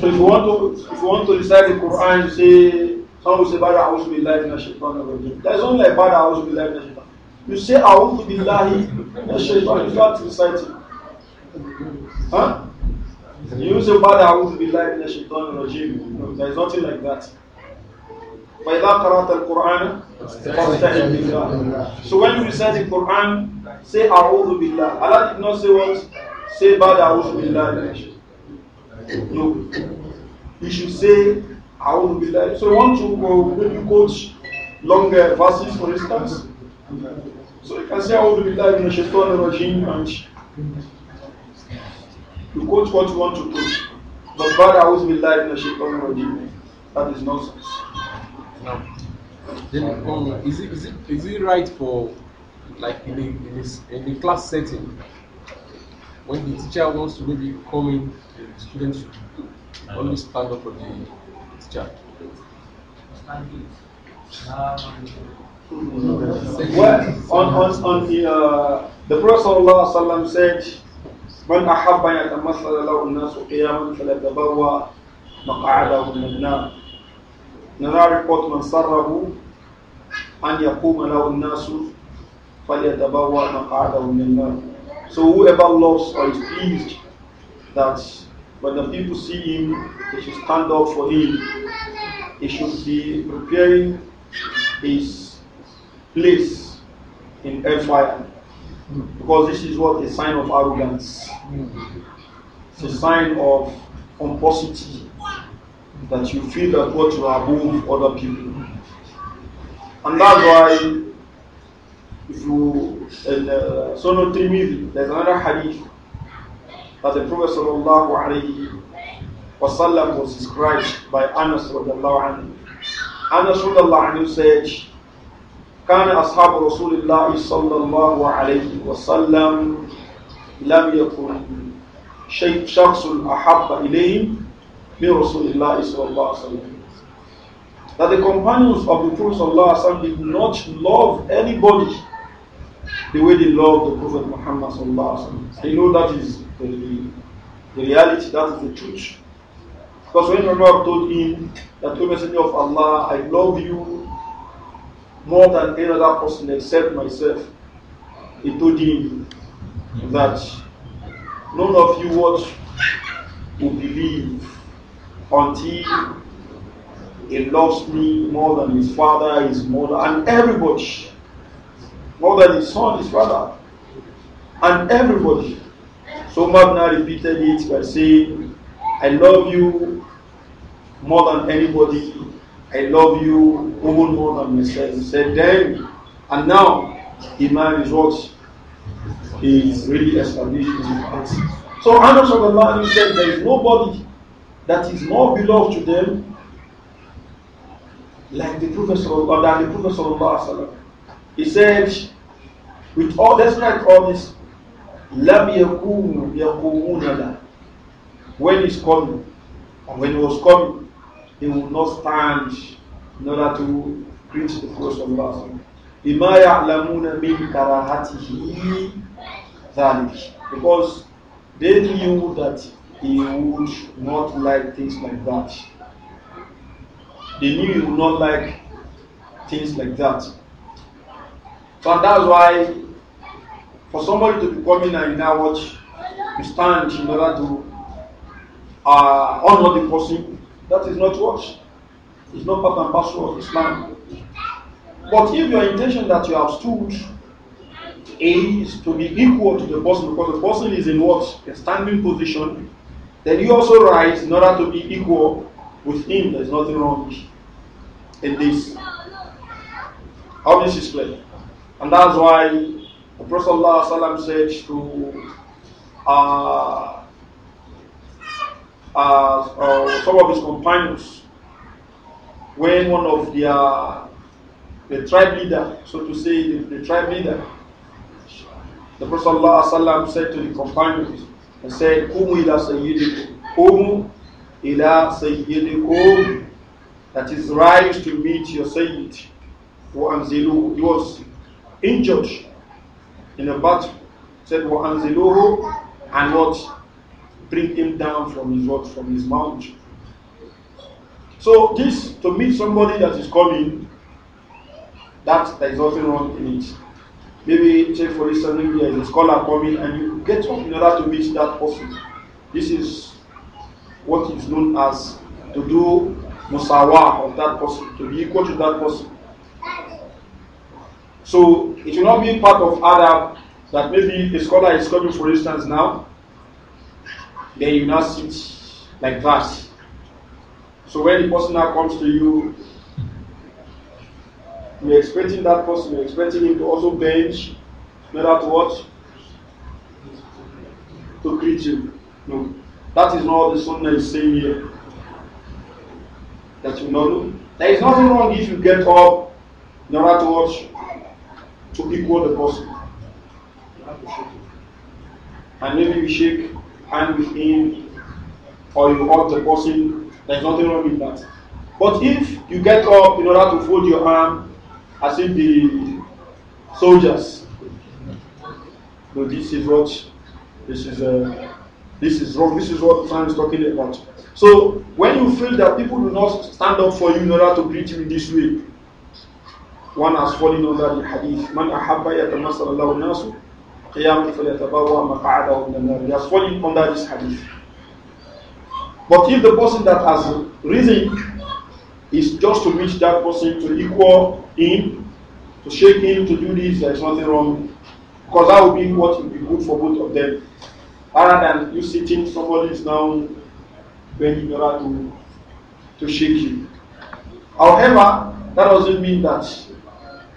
so if you want to if you want to recite the Quran, you say someone say Bada A'udhu Billahi Minash Shaitan That is only like Bada A'udhu Billahi Minash Shaitan. You say A'udhu Billahi Minash Shaitan, you start reciting. Huh? You say Bada A'udhu Billahi Minash Shaitan Rajim. No, there is nothing like that. وَإِذَا قَرَأْتَ الْقُرْآنَ So when you recite the Quran, say أعوذ بالله. Allah did not say what? Say bad أعوذ بالله. No. You should say أعوذ بالله. So you want to uh, maybe quote long uh, verses for instance. So you can say أعوذ بالله من الشيطان الرجيم and you coach what you want to coach, But bad أعوذ بالله من الشيطان الرجيم. That is nonsense. Now, then, um, is, it, is, it, is it right for, like, in the in, a, in a class setting, when the teacher wants to maybe come in, the student should always stand up for the teacher? Stand well, on, on, on the, uh, the Prophet said, من أحب أن يتمثل له الناس قياما فليتبوأ مقعده من النار من أن يقوم له الناس فليتبوأ مقعده من النار So whoever loves or is pleased that when the people see him, they should stand up for him. He should be preparing his place in hellfire. Because this is what a sign of arrogance. It's a sign of pomposity that you feel that what you are above other people. And that's why if you in uh, Sunan Tirmidhi, there's another hadith that the Prophet sallallahu alaihi wasallam was described by Anas radiallahu anhu. Anas radiallahu anhu said, كان أصحاب رسول الله صلى الله عليه وسلم لم يكن شخص أحب إليهم sallallahu that the companions of the Prophet sallallahu did not love anybody the way they loved the Prophet Muhammad sallallahu alaihi wasallam. I know that is the, the reality, that is the truth. Because when Allah told him that, O Messenger of Allah, I love you more than any other person except myself, he told him that none of you what will believe until he loves me more than his father, his mother, and everybody. More than his son, his father, and everybody. So Magna repeated it by saying, I love you more than anybody. I love you even more than myself. He said, then, and now, Iman is what is really established in his heart. So, Anna said, There is nobody that is more beloved to them, like the Prophet or than the Prophet He said, with all that's right, all this, lam yakum yakumunala. When he's coming, and when he was coming, he would not stand in order to greet the Prophet Allah." بما يعلمون min karahatihi ذلك because they knew that he would not like things like that. They knew he would not like things like that. So that's why for somebody to be coming and you now watch, you stand in order to uh, honor the person, that is not what? It's not part and parcel of Islam. But if your intention that you have stood is to be equal to the person, because the person is in what? A standing position, That you also rise in order to be equal with him. There's nothing wrong in this. How this is played. And that's why the Prophet Allah said to uh, uh, uh, some of his companions when one of their the tribe leader, so to say, the, the tribe leader, the Prophet said to the companions, and said, Umu ila sayyidikum. Umu ila sayyidikum. That is right to meet your sayyid. Wa'anzilu. He was injured in a battle. Said Wa'anziluhu and what? Bring him down from his what? From his mount. So this, to meet somebody that is coming, that there is nothing wrong in it. Maybe, say for instance, maybe there is a scholar coming and you get up in order to meet that person. This is what is known as to do musawa of that person, to be equal to that person. So it will not be part of Arab that maybe a scholar is coming, for instance, now, then you now sit like that. So when the person now comes to you, We're expecting that person, we're expecting him to also bench in order to what? To greet you. No. That is not the sunnah is saying here. That you know. There is nothing wrong if you get up in order to what to equal the person. And maybe you shake hand with him or you hug the person. There's nothing wrong with that. But if you get up in order to fold your arm as if the soldiers. No, this is what this is uh, this is wrong. This is what Islam is talking about. So when you feel that people do not stand up for you in order to greet you in this way, one has fallen under the hadith. Man ahabba yatamassalallahu nasu qiyamu falyatabawa maq'adahu min He has fallen under this hadith. But if the person that has risen is just to reach that person, to equal him, to shake him, to do this, there is nothing wrong. Because that would be what would be good for both of them. Rather than you sitting, somebody is now bending over to, to shake you. However, that doesn't mean that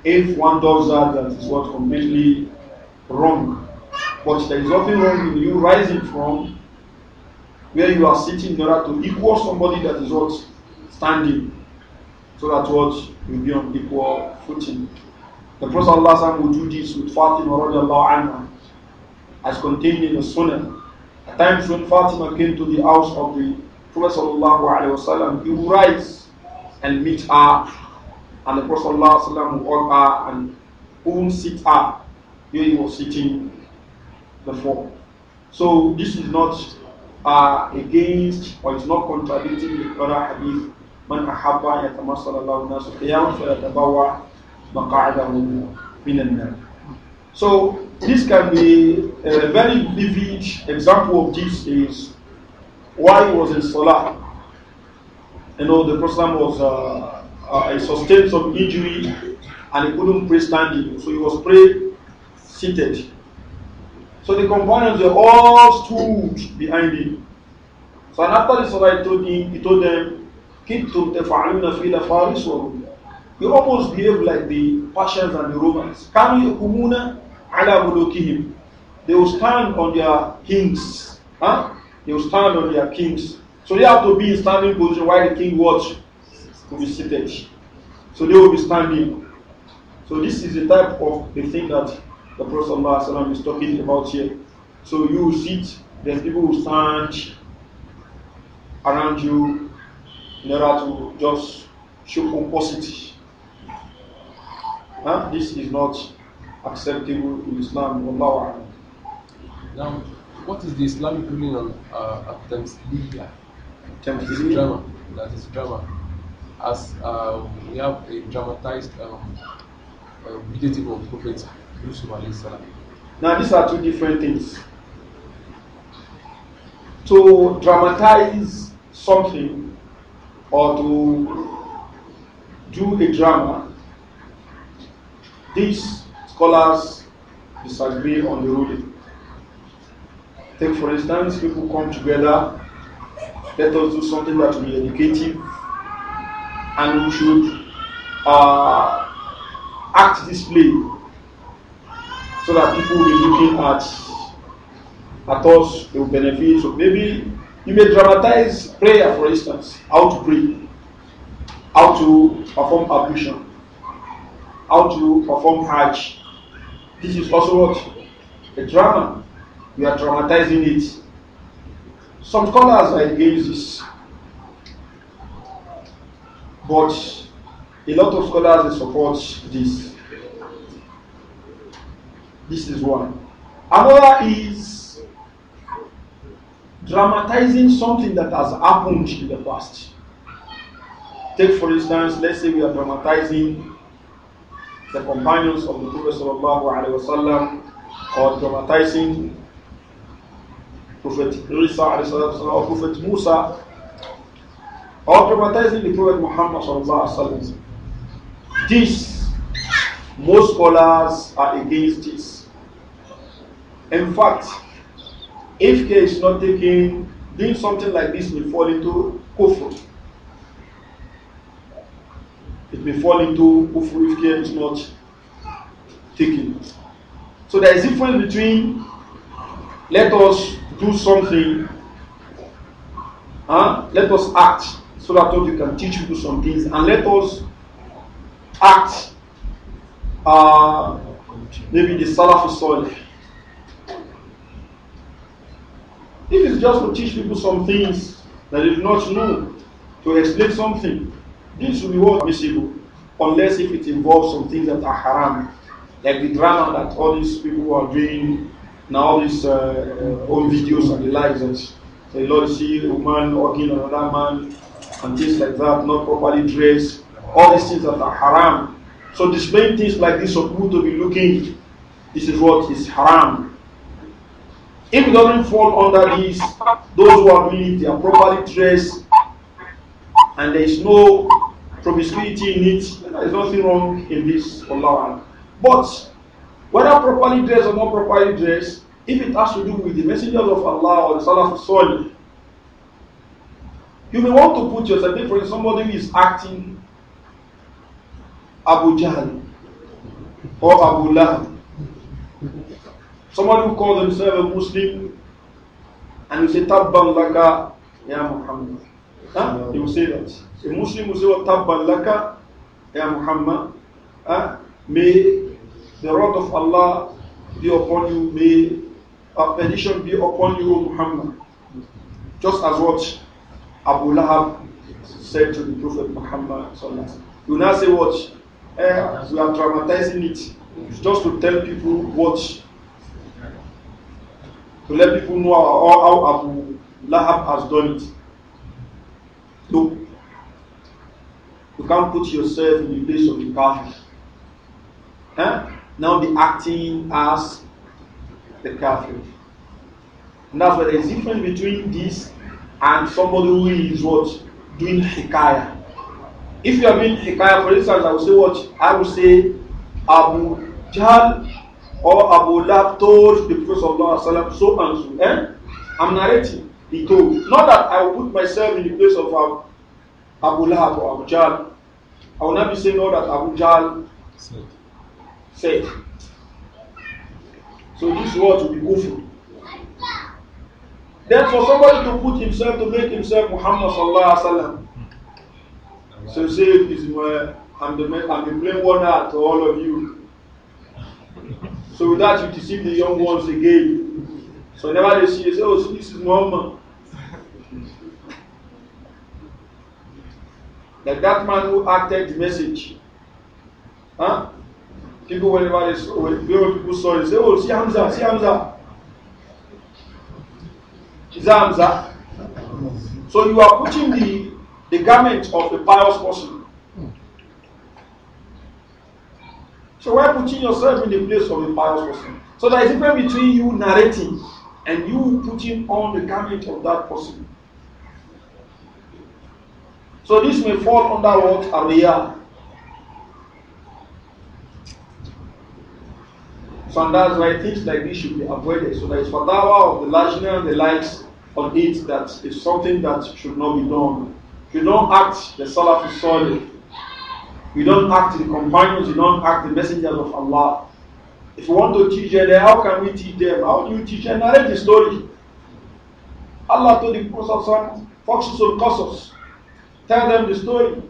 if one does that, that is what completely wrong. But there is nothing wrong with you rising from where you are sitting in order to equal somebody that is not standing so that what will be on equal footing. The Prophet Allah would do this with Fatima anha, as contained in the Sunnah. At times when Fatima came to the house of the Prophet وسلم, he would rise and meet her, and the Prophet وسلم, would walk her and whom sit her where he was sitting before. So this is not uh, against or it's not contradicting the other hadith من أحب أن يتمثل الله الناس قيام فيتبوى مقعده من النار So this can be a very vivid example of this is why he was in Salah. You know the person was uh, uh, he sustained some injury and he couldn't pray standing, so he was praying seated. So the companions were all stood behind him. So after the Salah, he told him, he told them, كنتم تفعلون almost behave like the Persians and the Romans. كانوا يقومون على ملوكهم. They will stand on their kings. Huh? They will stand on their kings. So they have to be in standing position while the king watch to be seated. So they will be standing. So this is the type of the thing that the Prophet ﷺ is talking about here. So you sit, there's people who stand around you, in order to just show pomposity. Huh? This is not acceptable in Islam. Now, what is the Islamic ruling on uh, Tamsiliya? Drama. That is drama. As uh, we have a dramatized um, uh, of Prophet Yusuf alayhi salam. Now, these are two different things. To dramatize something or to do a drama, these scholars disagree on the ruling. Take, for instance, people come together, let us do something that will be educative, and we should uh, act this play so that people will be looking at, at us, they will benefit. So maybe You may dramatize prayer, for instance, how to pray, how to perform ablution, how to perform Hajj. This is also what? A drama. We are dramatizing it. Some scholars are against this. But a lot of scholars support this. This is one. Another is dramatizing something that has happened in the past. Take, for instance, let's say we are dramatizing the companions of the Prophet wasallam, or dramatizing Prophet Isa or Prophet Musa, or dramatizing the Prophet Muhammad. Wasallam. This, most scholars are against this. In fact, if care is not taken, doing something like this may fall into kufr. It may fall into kufr if care is not taken. So there is a difference between let us do something, huh? let us act so that God can teach you some things, and let us act. Uh, maybe the Salaf is solid If it's just to teach people some things that they do not know, to explain something, this will be all permissible, unless if it involves some things that are haram, like the drama that all these people are doing now, all these uh, uh own videos and the likes. And so you see a woman hugging another man and things like that, not properly dressed, all these things that are haram. So displaying things like this so people to be looking, this is what is haram. If it doesn't fall under this, those who are doing it, they are properly dressed and there is no promiscuity in it. There is nothing wrong in this. Allah. But whether properly dressed or not properly dressed, if it has to do with the messengers of Allah or the Salaf Salih, you may want to put yourself, in for somebody who is acting Abu Jahl or Abu Lahab Somebody who calls himself a Muslim and you say, Tabban laka, Ya Muhammad. Huh? He will say that. A Muslim will say, Tabban laka, Ya Muhammad. Huh? May the wrath of Allah be upon you. May a perdition be upon you, Muhammad. Just as what Abu Lahab said to the Prophet Muhammad. You now say what? Eh, we are traumatizing it. It's just to tell people what to let people know how, how Abu Lahab has done it. So You can't put yourself in the place of the kafir. Huh? Now be acting as the kafir. And that's why there's a difference between this and somebody who is what? Doing hikaya. If you are doing hikaya, for instance, I will say what? I will say Abu Jahl or Abu Lahab told the Prophet of Allah, sallam, so and so. Eh? I'm narrating. He told. Not that I will put myself in the place of Abu, Abu Lahab or Abu Jahl. I will not be saying all that Abu Jahl said. So this word will be kufr. Then for somebody to put himself, to make himself Muhammad sallallahu alaihi wasallam, hmm. so say, is my, I'm the, I'm the plain one out to all of you. So with that, you deceive the young ones again. So whenever they see, they say, oh, this is normal. Like that man who acted the message. Huh? People, whenever they saw, when people saw, they say, oh, see Hamza, see Hamza. Is that Hamza? So you are putting the, the garment of the pious person So why putting yourself in the place of a pious person? So there is a difference between you narrating and you putting on the garment of that person. So this may fall under what area. So that's why things like this should be avoided. So that is there is fatawa of the Lajna and the likes of it that is something that should not be done. you don't act the Salaf is solid. We don't act the companions, We don't act the messengers of Allah. If you want to teach them, how can we teach them? How do you teach them? Narrate the story. Allah told the Prophet, Foxes will cause Tell them the story.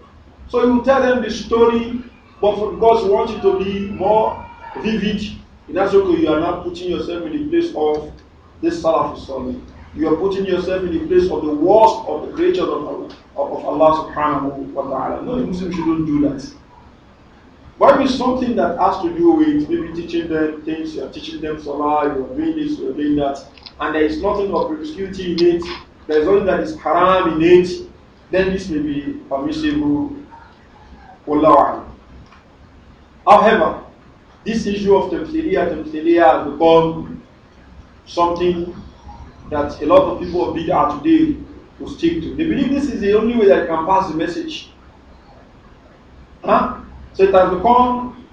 So you tell them the story, but because you want it to be more vivid, in that okay, you are not putting yourself in the place of this Salafist Salih you are putting yourself in the place of the worst of the creatures of, of, of Allah subhanahu wa ta'ala. No, Muslims shouldn't do that. Why is something that has to do with maybe teaching them things, you are teaching them salah, you are doing this, you are doing that, and there is nothing of promiscuity in it, there is nothing that is haram in it, then this may be permissible. However, this issue of tamthiliya, tamthiliya has become something that a lot of people of Bid'ah today will stick to. They believe this is the only way that can pass the message. Huh? So it has become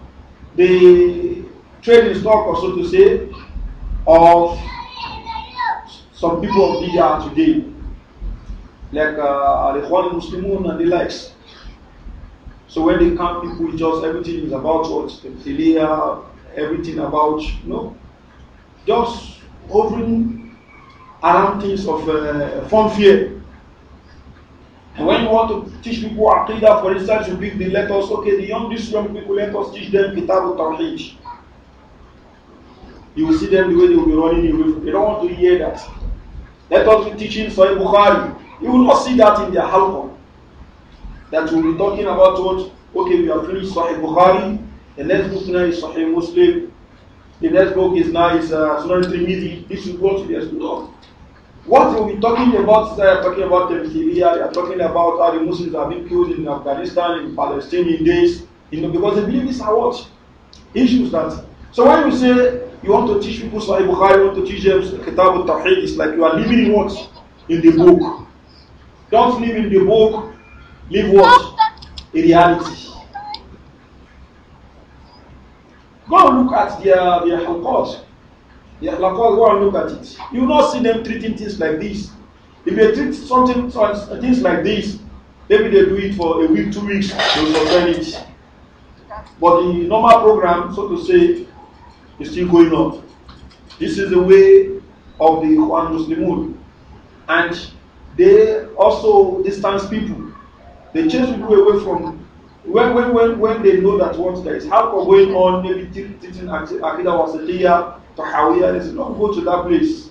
the trading stock, or so to say, of some people of Bid'ah today, like uh, the Muslimun and the likes. So when they come, people, just everything is about what? everything about, you know, just hovering around things of uh, fear, And when you want to teach people Aqidah, for instance, you bring the letters, okay, the young, these young people, let us teach them Kitab al Tawheed. You will see them the way they will be running away. They don't want to hear that. Let us be teaching Sahih Bukhari. You will not see that in their halqa. That we'll be talking about what, okay, we are finished Sahih Bukhari, the next book now is Sahih Muslim, the next book is now is uh, Sunan Tirmidhi. This is what we are doing. What you'll be talking about, You are talking about the Syria, You are talking about how the Muslims have been killed in Afghanistan, in Palestine, in this. you know, because they believe these are what? Issues that. So when you say you want to teach people Sahih Bukhari, you want to teach them Kitab al Tawheed, it's like you are living what? In the book. Don't live in the book, live what? In reality. Go look at their, their halqat. Yeah, like, go and look at it. You will not see them treating things like this. If they treat something uh, things like this, maybe they do it for a week, two weeks, they'll it. But the normal program, so to say, is still going on. This is the way of the Juan Muslimun. And they also distance people. They chase people away from when when when, when they know that what there is hardcore going on, maybe teaching Akida Wasaliya, Tahawiyah, they say, no, go to that place.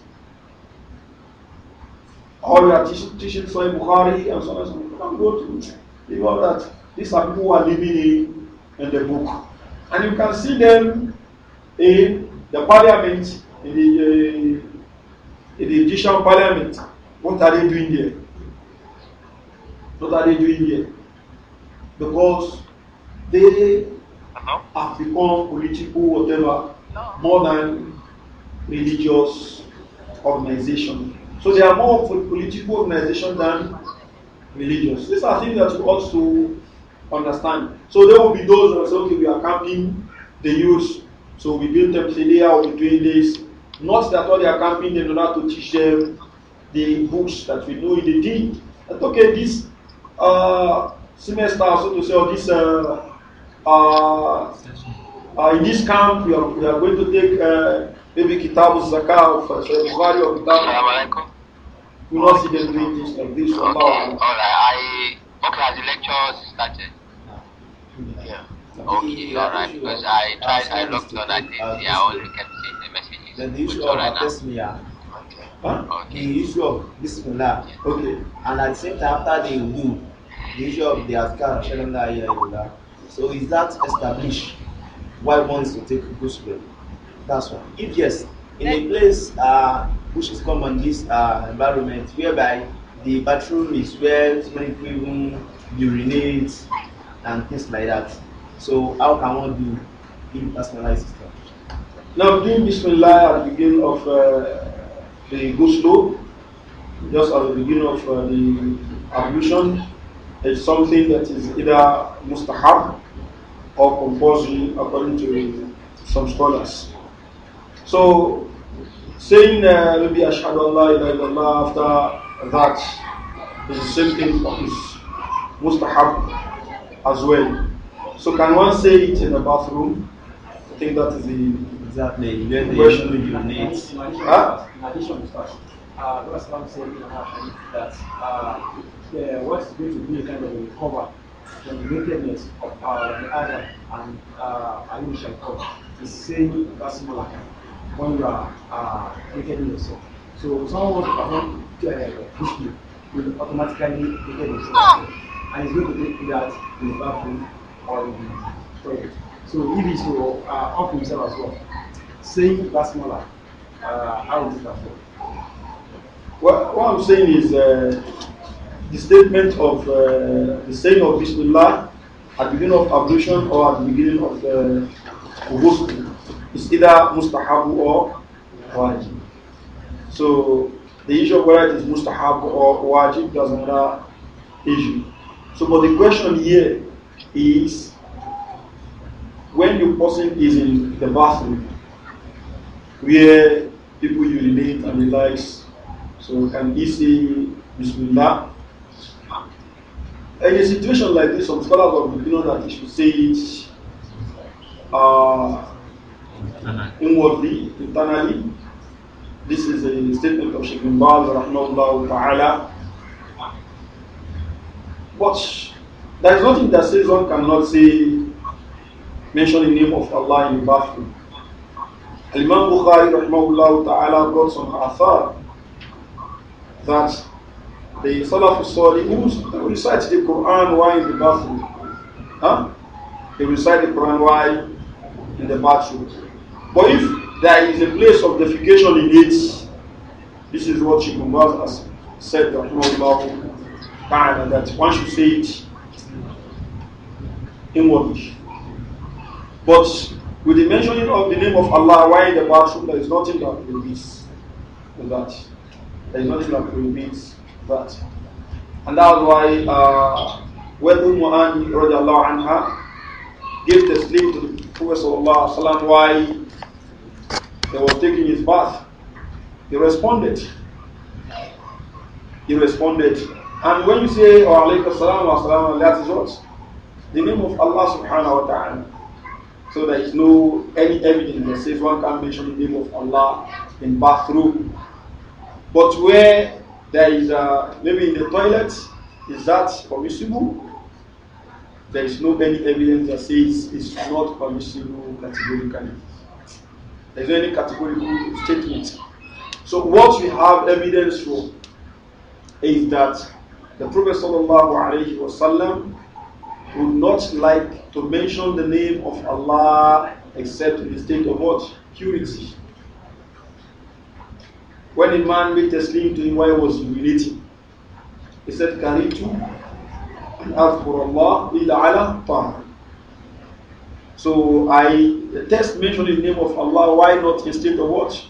All you are teaching, teaching Sahih Bukhari and so on and so on. Don't go to leave all that. These are people who are living in, in the book. And you can see them in the parliament, in the, uh, in the Egyptian parliament. What are they doing there? What are they doing here? Because they have become political, whatever, more than religious organization. So they are more political organization than religious. These are things that you ought to understand. So there will be those who say, okay, we are camping the youth, so we build them here, we'll be doing this. Not that all they are camping them in order to teach them the books that we know in the deed. That okay, this uh, semester, so to say, or this uh, uh, uh in this camp, we are, we are going to take uh, maybe Kitabu Zakah of uh, Bukhari or Kitabu. We will not see them doing things like this. Okay, Allah. all okay, all right. Because I tried, I looked on that day. Yeah, I only kept seeing the messages. Then the issue of right Atesmiya. Okay. Huh? okay. The issue of Bismillah. Yeah. Okay. And at the same time, after they do, the issue of the Azkar, Shalom La Ilaha So is that established? Why one is to take Ghusl? That's why. If yes, in a place uh, which is common this uh, environment whereby the bathroom is where many people urinate and things like that. So how can one do personalized system? Now doing Bismillah at the beginning of uh, the Guslo, just at the beginning of uh, the ablution, is something that is either mustahab or compulsory according to some scholars. So saying uh, maybe Ashhadu Allah ilaha after that is the same thing is mustahab as well. So can one say it in the bathroom? I think that is the exactly the question we you need. Huh? In addition to that, uh, the Islam said in our hadith that uh, yeah, what's going to be kind of a cover from the nakedness of uh, the other and uh, Aisha is saying that's more like when uh, you are uh, yourself. So someone wants to perform push you, will automatically educate himself. And he's going to take that in the bathroom or in the toilet. So if he's uh, to uh, off himself as well, saying that's smaller, uh, how is it afford? Well, what I'm saying is uh, the statement of uh, the saying of Bismillah at the beginning of ablution or at the beginning of uh, is either mustahabu or wajib. So the issue of whether it is mustahabu or wajib, Doesn't matter issue. So, but the question here is when the person is in the bathroom, where people urinate and the likes, so can he say Bismillah? In a situation like this, some scholars of the opinion that he should say it. Uh, uh-huh. inwardly, internally. This is a statement of Sheikh bin rahmahullah ta'ala. But there is nothing that says one cannot say, mention the name of Allah in the bathroom. Al-Imam Bukhari, rahmahullah ta'ala, brought some athar that the Salaf Salihus recite the Quran while in the bathroom. Huh? They recite the Quran while in the bathroom. But if there is a place of defecation in it, this is what Sheikh has said that one should say it inwardly. But with the mentioning of the name of Allah, why in the bathroom, there is nothing that prohibits that. There is nothing that prohibits that. And that's why uh, when Umm Mu'ani anha gave the slip to the Prophet why he was taking his bath. He responded. He responded. And when you say, Wa oh, alaykum salam wa salam, that is what? The name of Allah subhanahu wa ta'ala. So there is no any evidence that says one can mention the name of Allah in bathroom. But where there is a, maybe in the toilet, is that permissible? There is no any evidence that says it's not permissible categorically. There's any categorical statement. So what we have evidence for is that the Prophet wasallam would not like to mention the name of Allah except in the state of what? Purity. When a man made Taslim to him while he was humiliating, he said, Karitu and Allah illa ala tahar. So I test text mentioned the name of Allah, why not instead of what?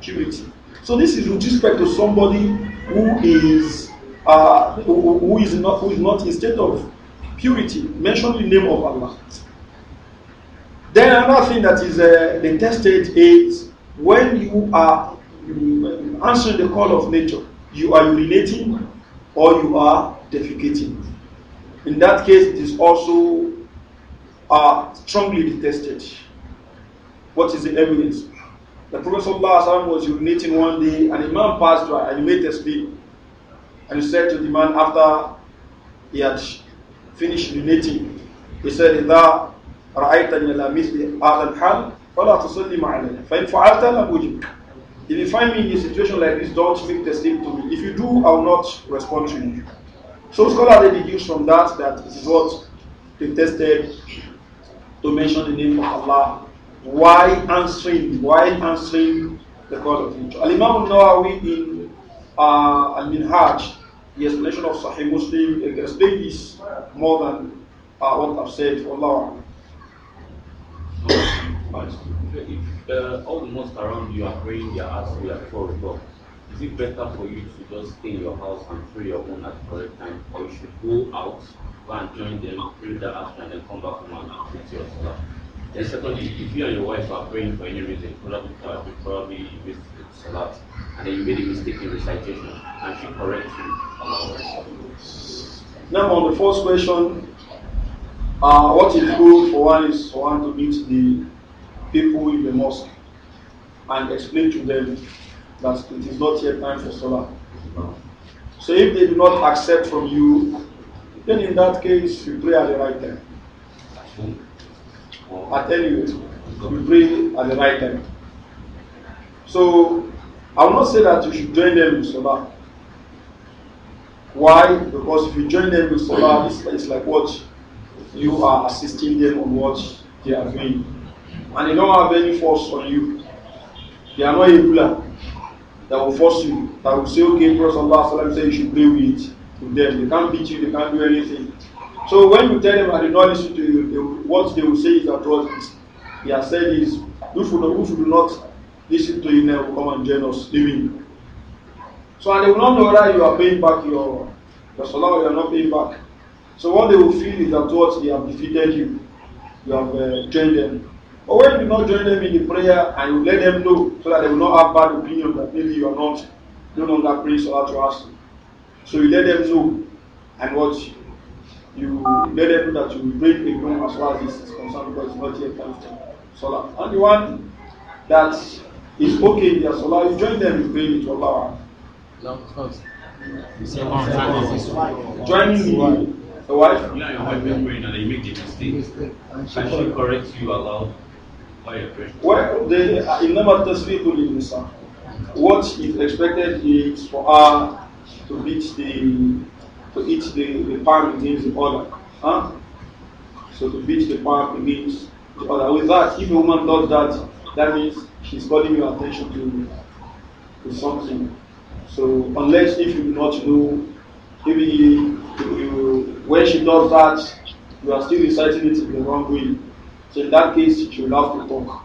Purity. So this is with respect to somebody who is uh, who, who is not who is not in state of purity. Mention the name of Allah. Then another thing that is uh, detested is when you are answering the call of nature, you are urinating or you are defecating. In that case, it is also are strongly detested. What is the evidence? The Prophet was urinating one day, and a man passed by and he made a speak. And he said to the man after he had finished urinating, he said, إذا رأيتني على مثل هذا الحال فلا تصلي معنا فإن فعلت لم أجبك if you find me in a situation like this, don't make the same to me. If you do, I will not respond to you. So scholars they deduce from that that it is what detested to mention the name of Allah why answering, why answering the call of nature. Al-Imam Nawawi in uh, Al-Minhaj, the explanation of Sahih Muslim, explained this more than uh, what I've said. Allah. If uh, all the mosques around you are praying their asr at 4 o'clock, is it better for you to just stay in your house and pray your own at the correct time, or you should go out go and join them, pray that after and then come back home and fix your stuff. Then secondly, if you and your wife are praying for any reason, probably probably, probably you missed the lot, and then you made a mistake in recitation, and she corrects you. along Now on the first question, uh, what is good for one is for one to meet the people in the mosque and explain to them that it is not yet time for salah. So if they do not accept from you, Then in that case, you pray at the right time. I tell you, you pray at the right time. So, I will not say that you should join them in Salah. Why? Because if you join them in Salah, it's, it's like what? You are assisting them on what they are doing. And they don't have any force on you. They are not a ruler that will force you, that will say, okay, Prophet Sallallahu Alaihi Wasallam said you should pray with it to them. They can't beat you, they can't do anything. So when you tell them, I did not listen to you, they what they will say is that what he has said is, if you, do, if you do not listen to you now will come and join us, leaving. So and they will not know that you are paying back your, your salah or you are not paying back. So what they will feel is that what they have defeated you, you have uh, joined them. But when you do not join them in the prayer and you let them know so that they will not have bad opinion that maybe you are not no longer praying salah to us. So you let them know and what you let them know that you will break a ground as far as this is concerned because it's not yet time for Salah. And the one that is okay in their Salah, you join them in praying to Allah. No, first. Joining the, wife? You and your wife is praying and you make the mistake. And she corrects you aloud while you're praying. Well, the uh, Imam al Tasfiqul Nisa. What is expected is for her to beat the to eat the, the palm against the other. Huh? So to beat the palm against the other. With that, if a woman does that, that means she's calling your attention to, to something. So unless if you do not know, maybe you, you, when she does that, you are still reciting it in the wrong way. So in that case, she will have to talk.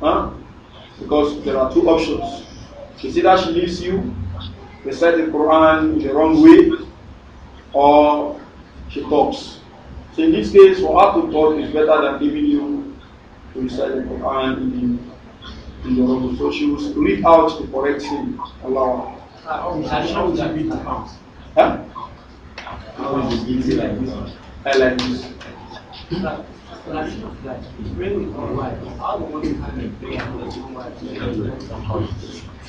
Huh? Because there are two options. She said that she leaves you, recite the Quran in the wrong way or she talks. So in this case, for her to talk is better than giving you to recite the Quran in the, in the wrong way. So she will read out the correct thing. Allah. How would you read the Quran? How would you read it like this? I like this. I don't want to have a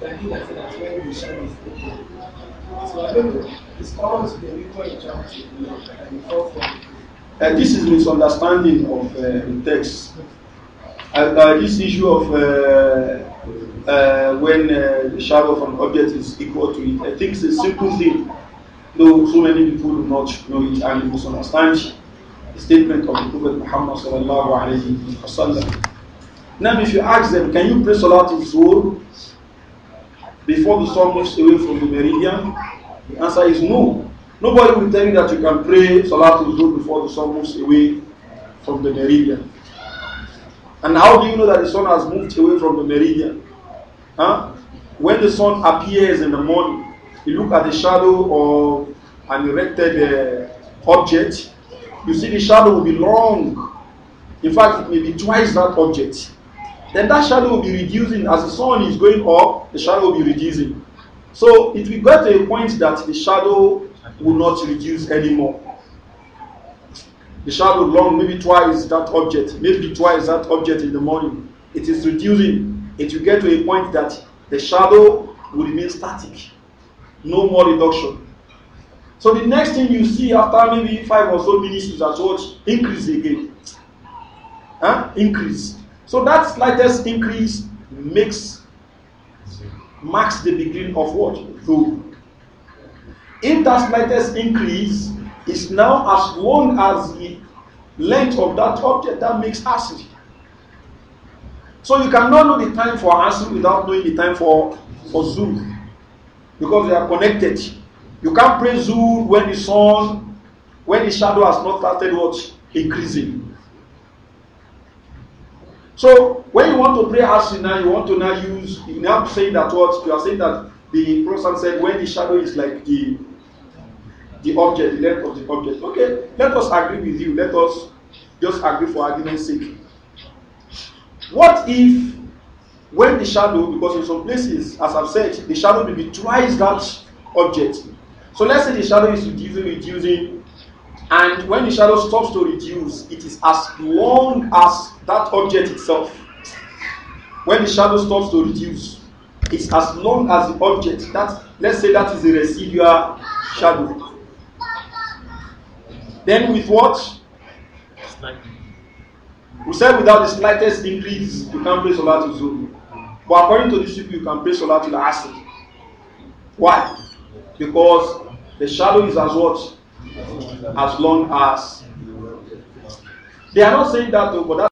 So I that's, where So I don't know. It's the people in and uh, this is misunderstanding of uh, the text. Uh, this issue of uh, uh, when uh, the shadow of an object is equal to it, I think it's a simple thing, though so many people do not know it and misunderstand the statement of the Prophet Muhammad Now, if you ask them, can you pray Salat in Zuhr? before the sun moves away from the meridian? The answer is no. Nobody will tell you that you can pray Salatul Zuhr before the sun moves away from the meridian. And how do you know that the sun has moved away from the meridian? Huh? When the sun appears in the morning, you look at the shadow of an erected uh, object, you see the shadow will be long. In fact, it may be twice that object then that shadow will be reducing. As the sun is going up, the shadow will be reducing. So it will get to a point that the shadow will not reduce anymore. The shadow long, maybe twice that object, maybe twice that object in the morning. It is reducing. It will get to a point that the shadow will remain static. No more reduction. So the next thing you see after maybe five or so minutes is that what? Increase again. Huh? Increase. So that slightest increase makes marks the beginning of what? Though. If that slightest increase is now as long as the length of that object, that makes acid. So you cannot know the time for acid without knowing the time for, for zoom, Because they are connected. You can't pray zoom when the sun, when the shadow has not started what? Increasing. So when you want to pray Asri now, you want to now use, you now say that what you are saying that the Prophet said when the shadow is like the the object, the length of the object. Okay, let us agree with you. Let us just agree for argument's sake. What if when the shadow, because in some places, as I've said, the shadow will be twice that object. So let's say the shadow is reducing, reducing And when the shadow stops to reduce, it is as long as that object itself. When the shadow stops to reduce, it's as long as the object that let's say that is the residual shadow. Then with what? We said without the slightest increase, you can't play solar to zoom. But according to this you can play solar to the acid. Why? Because the shadow is as what? as long as they are not saying that, though, but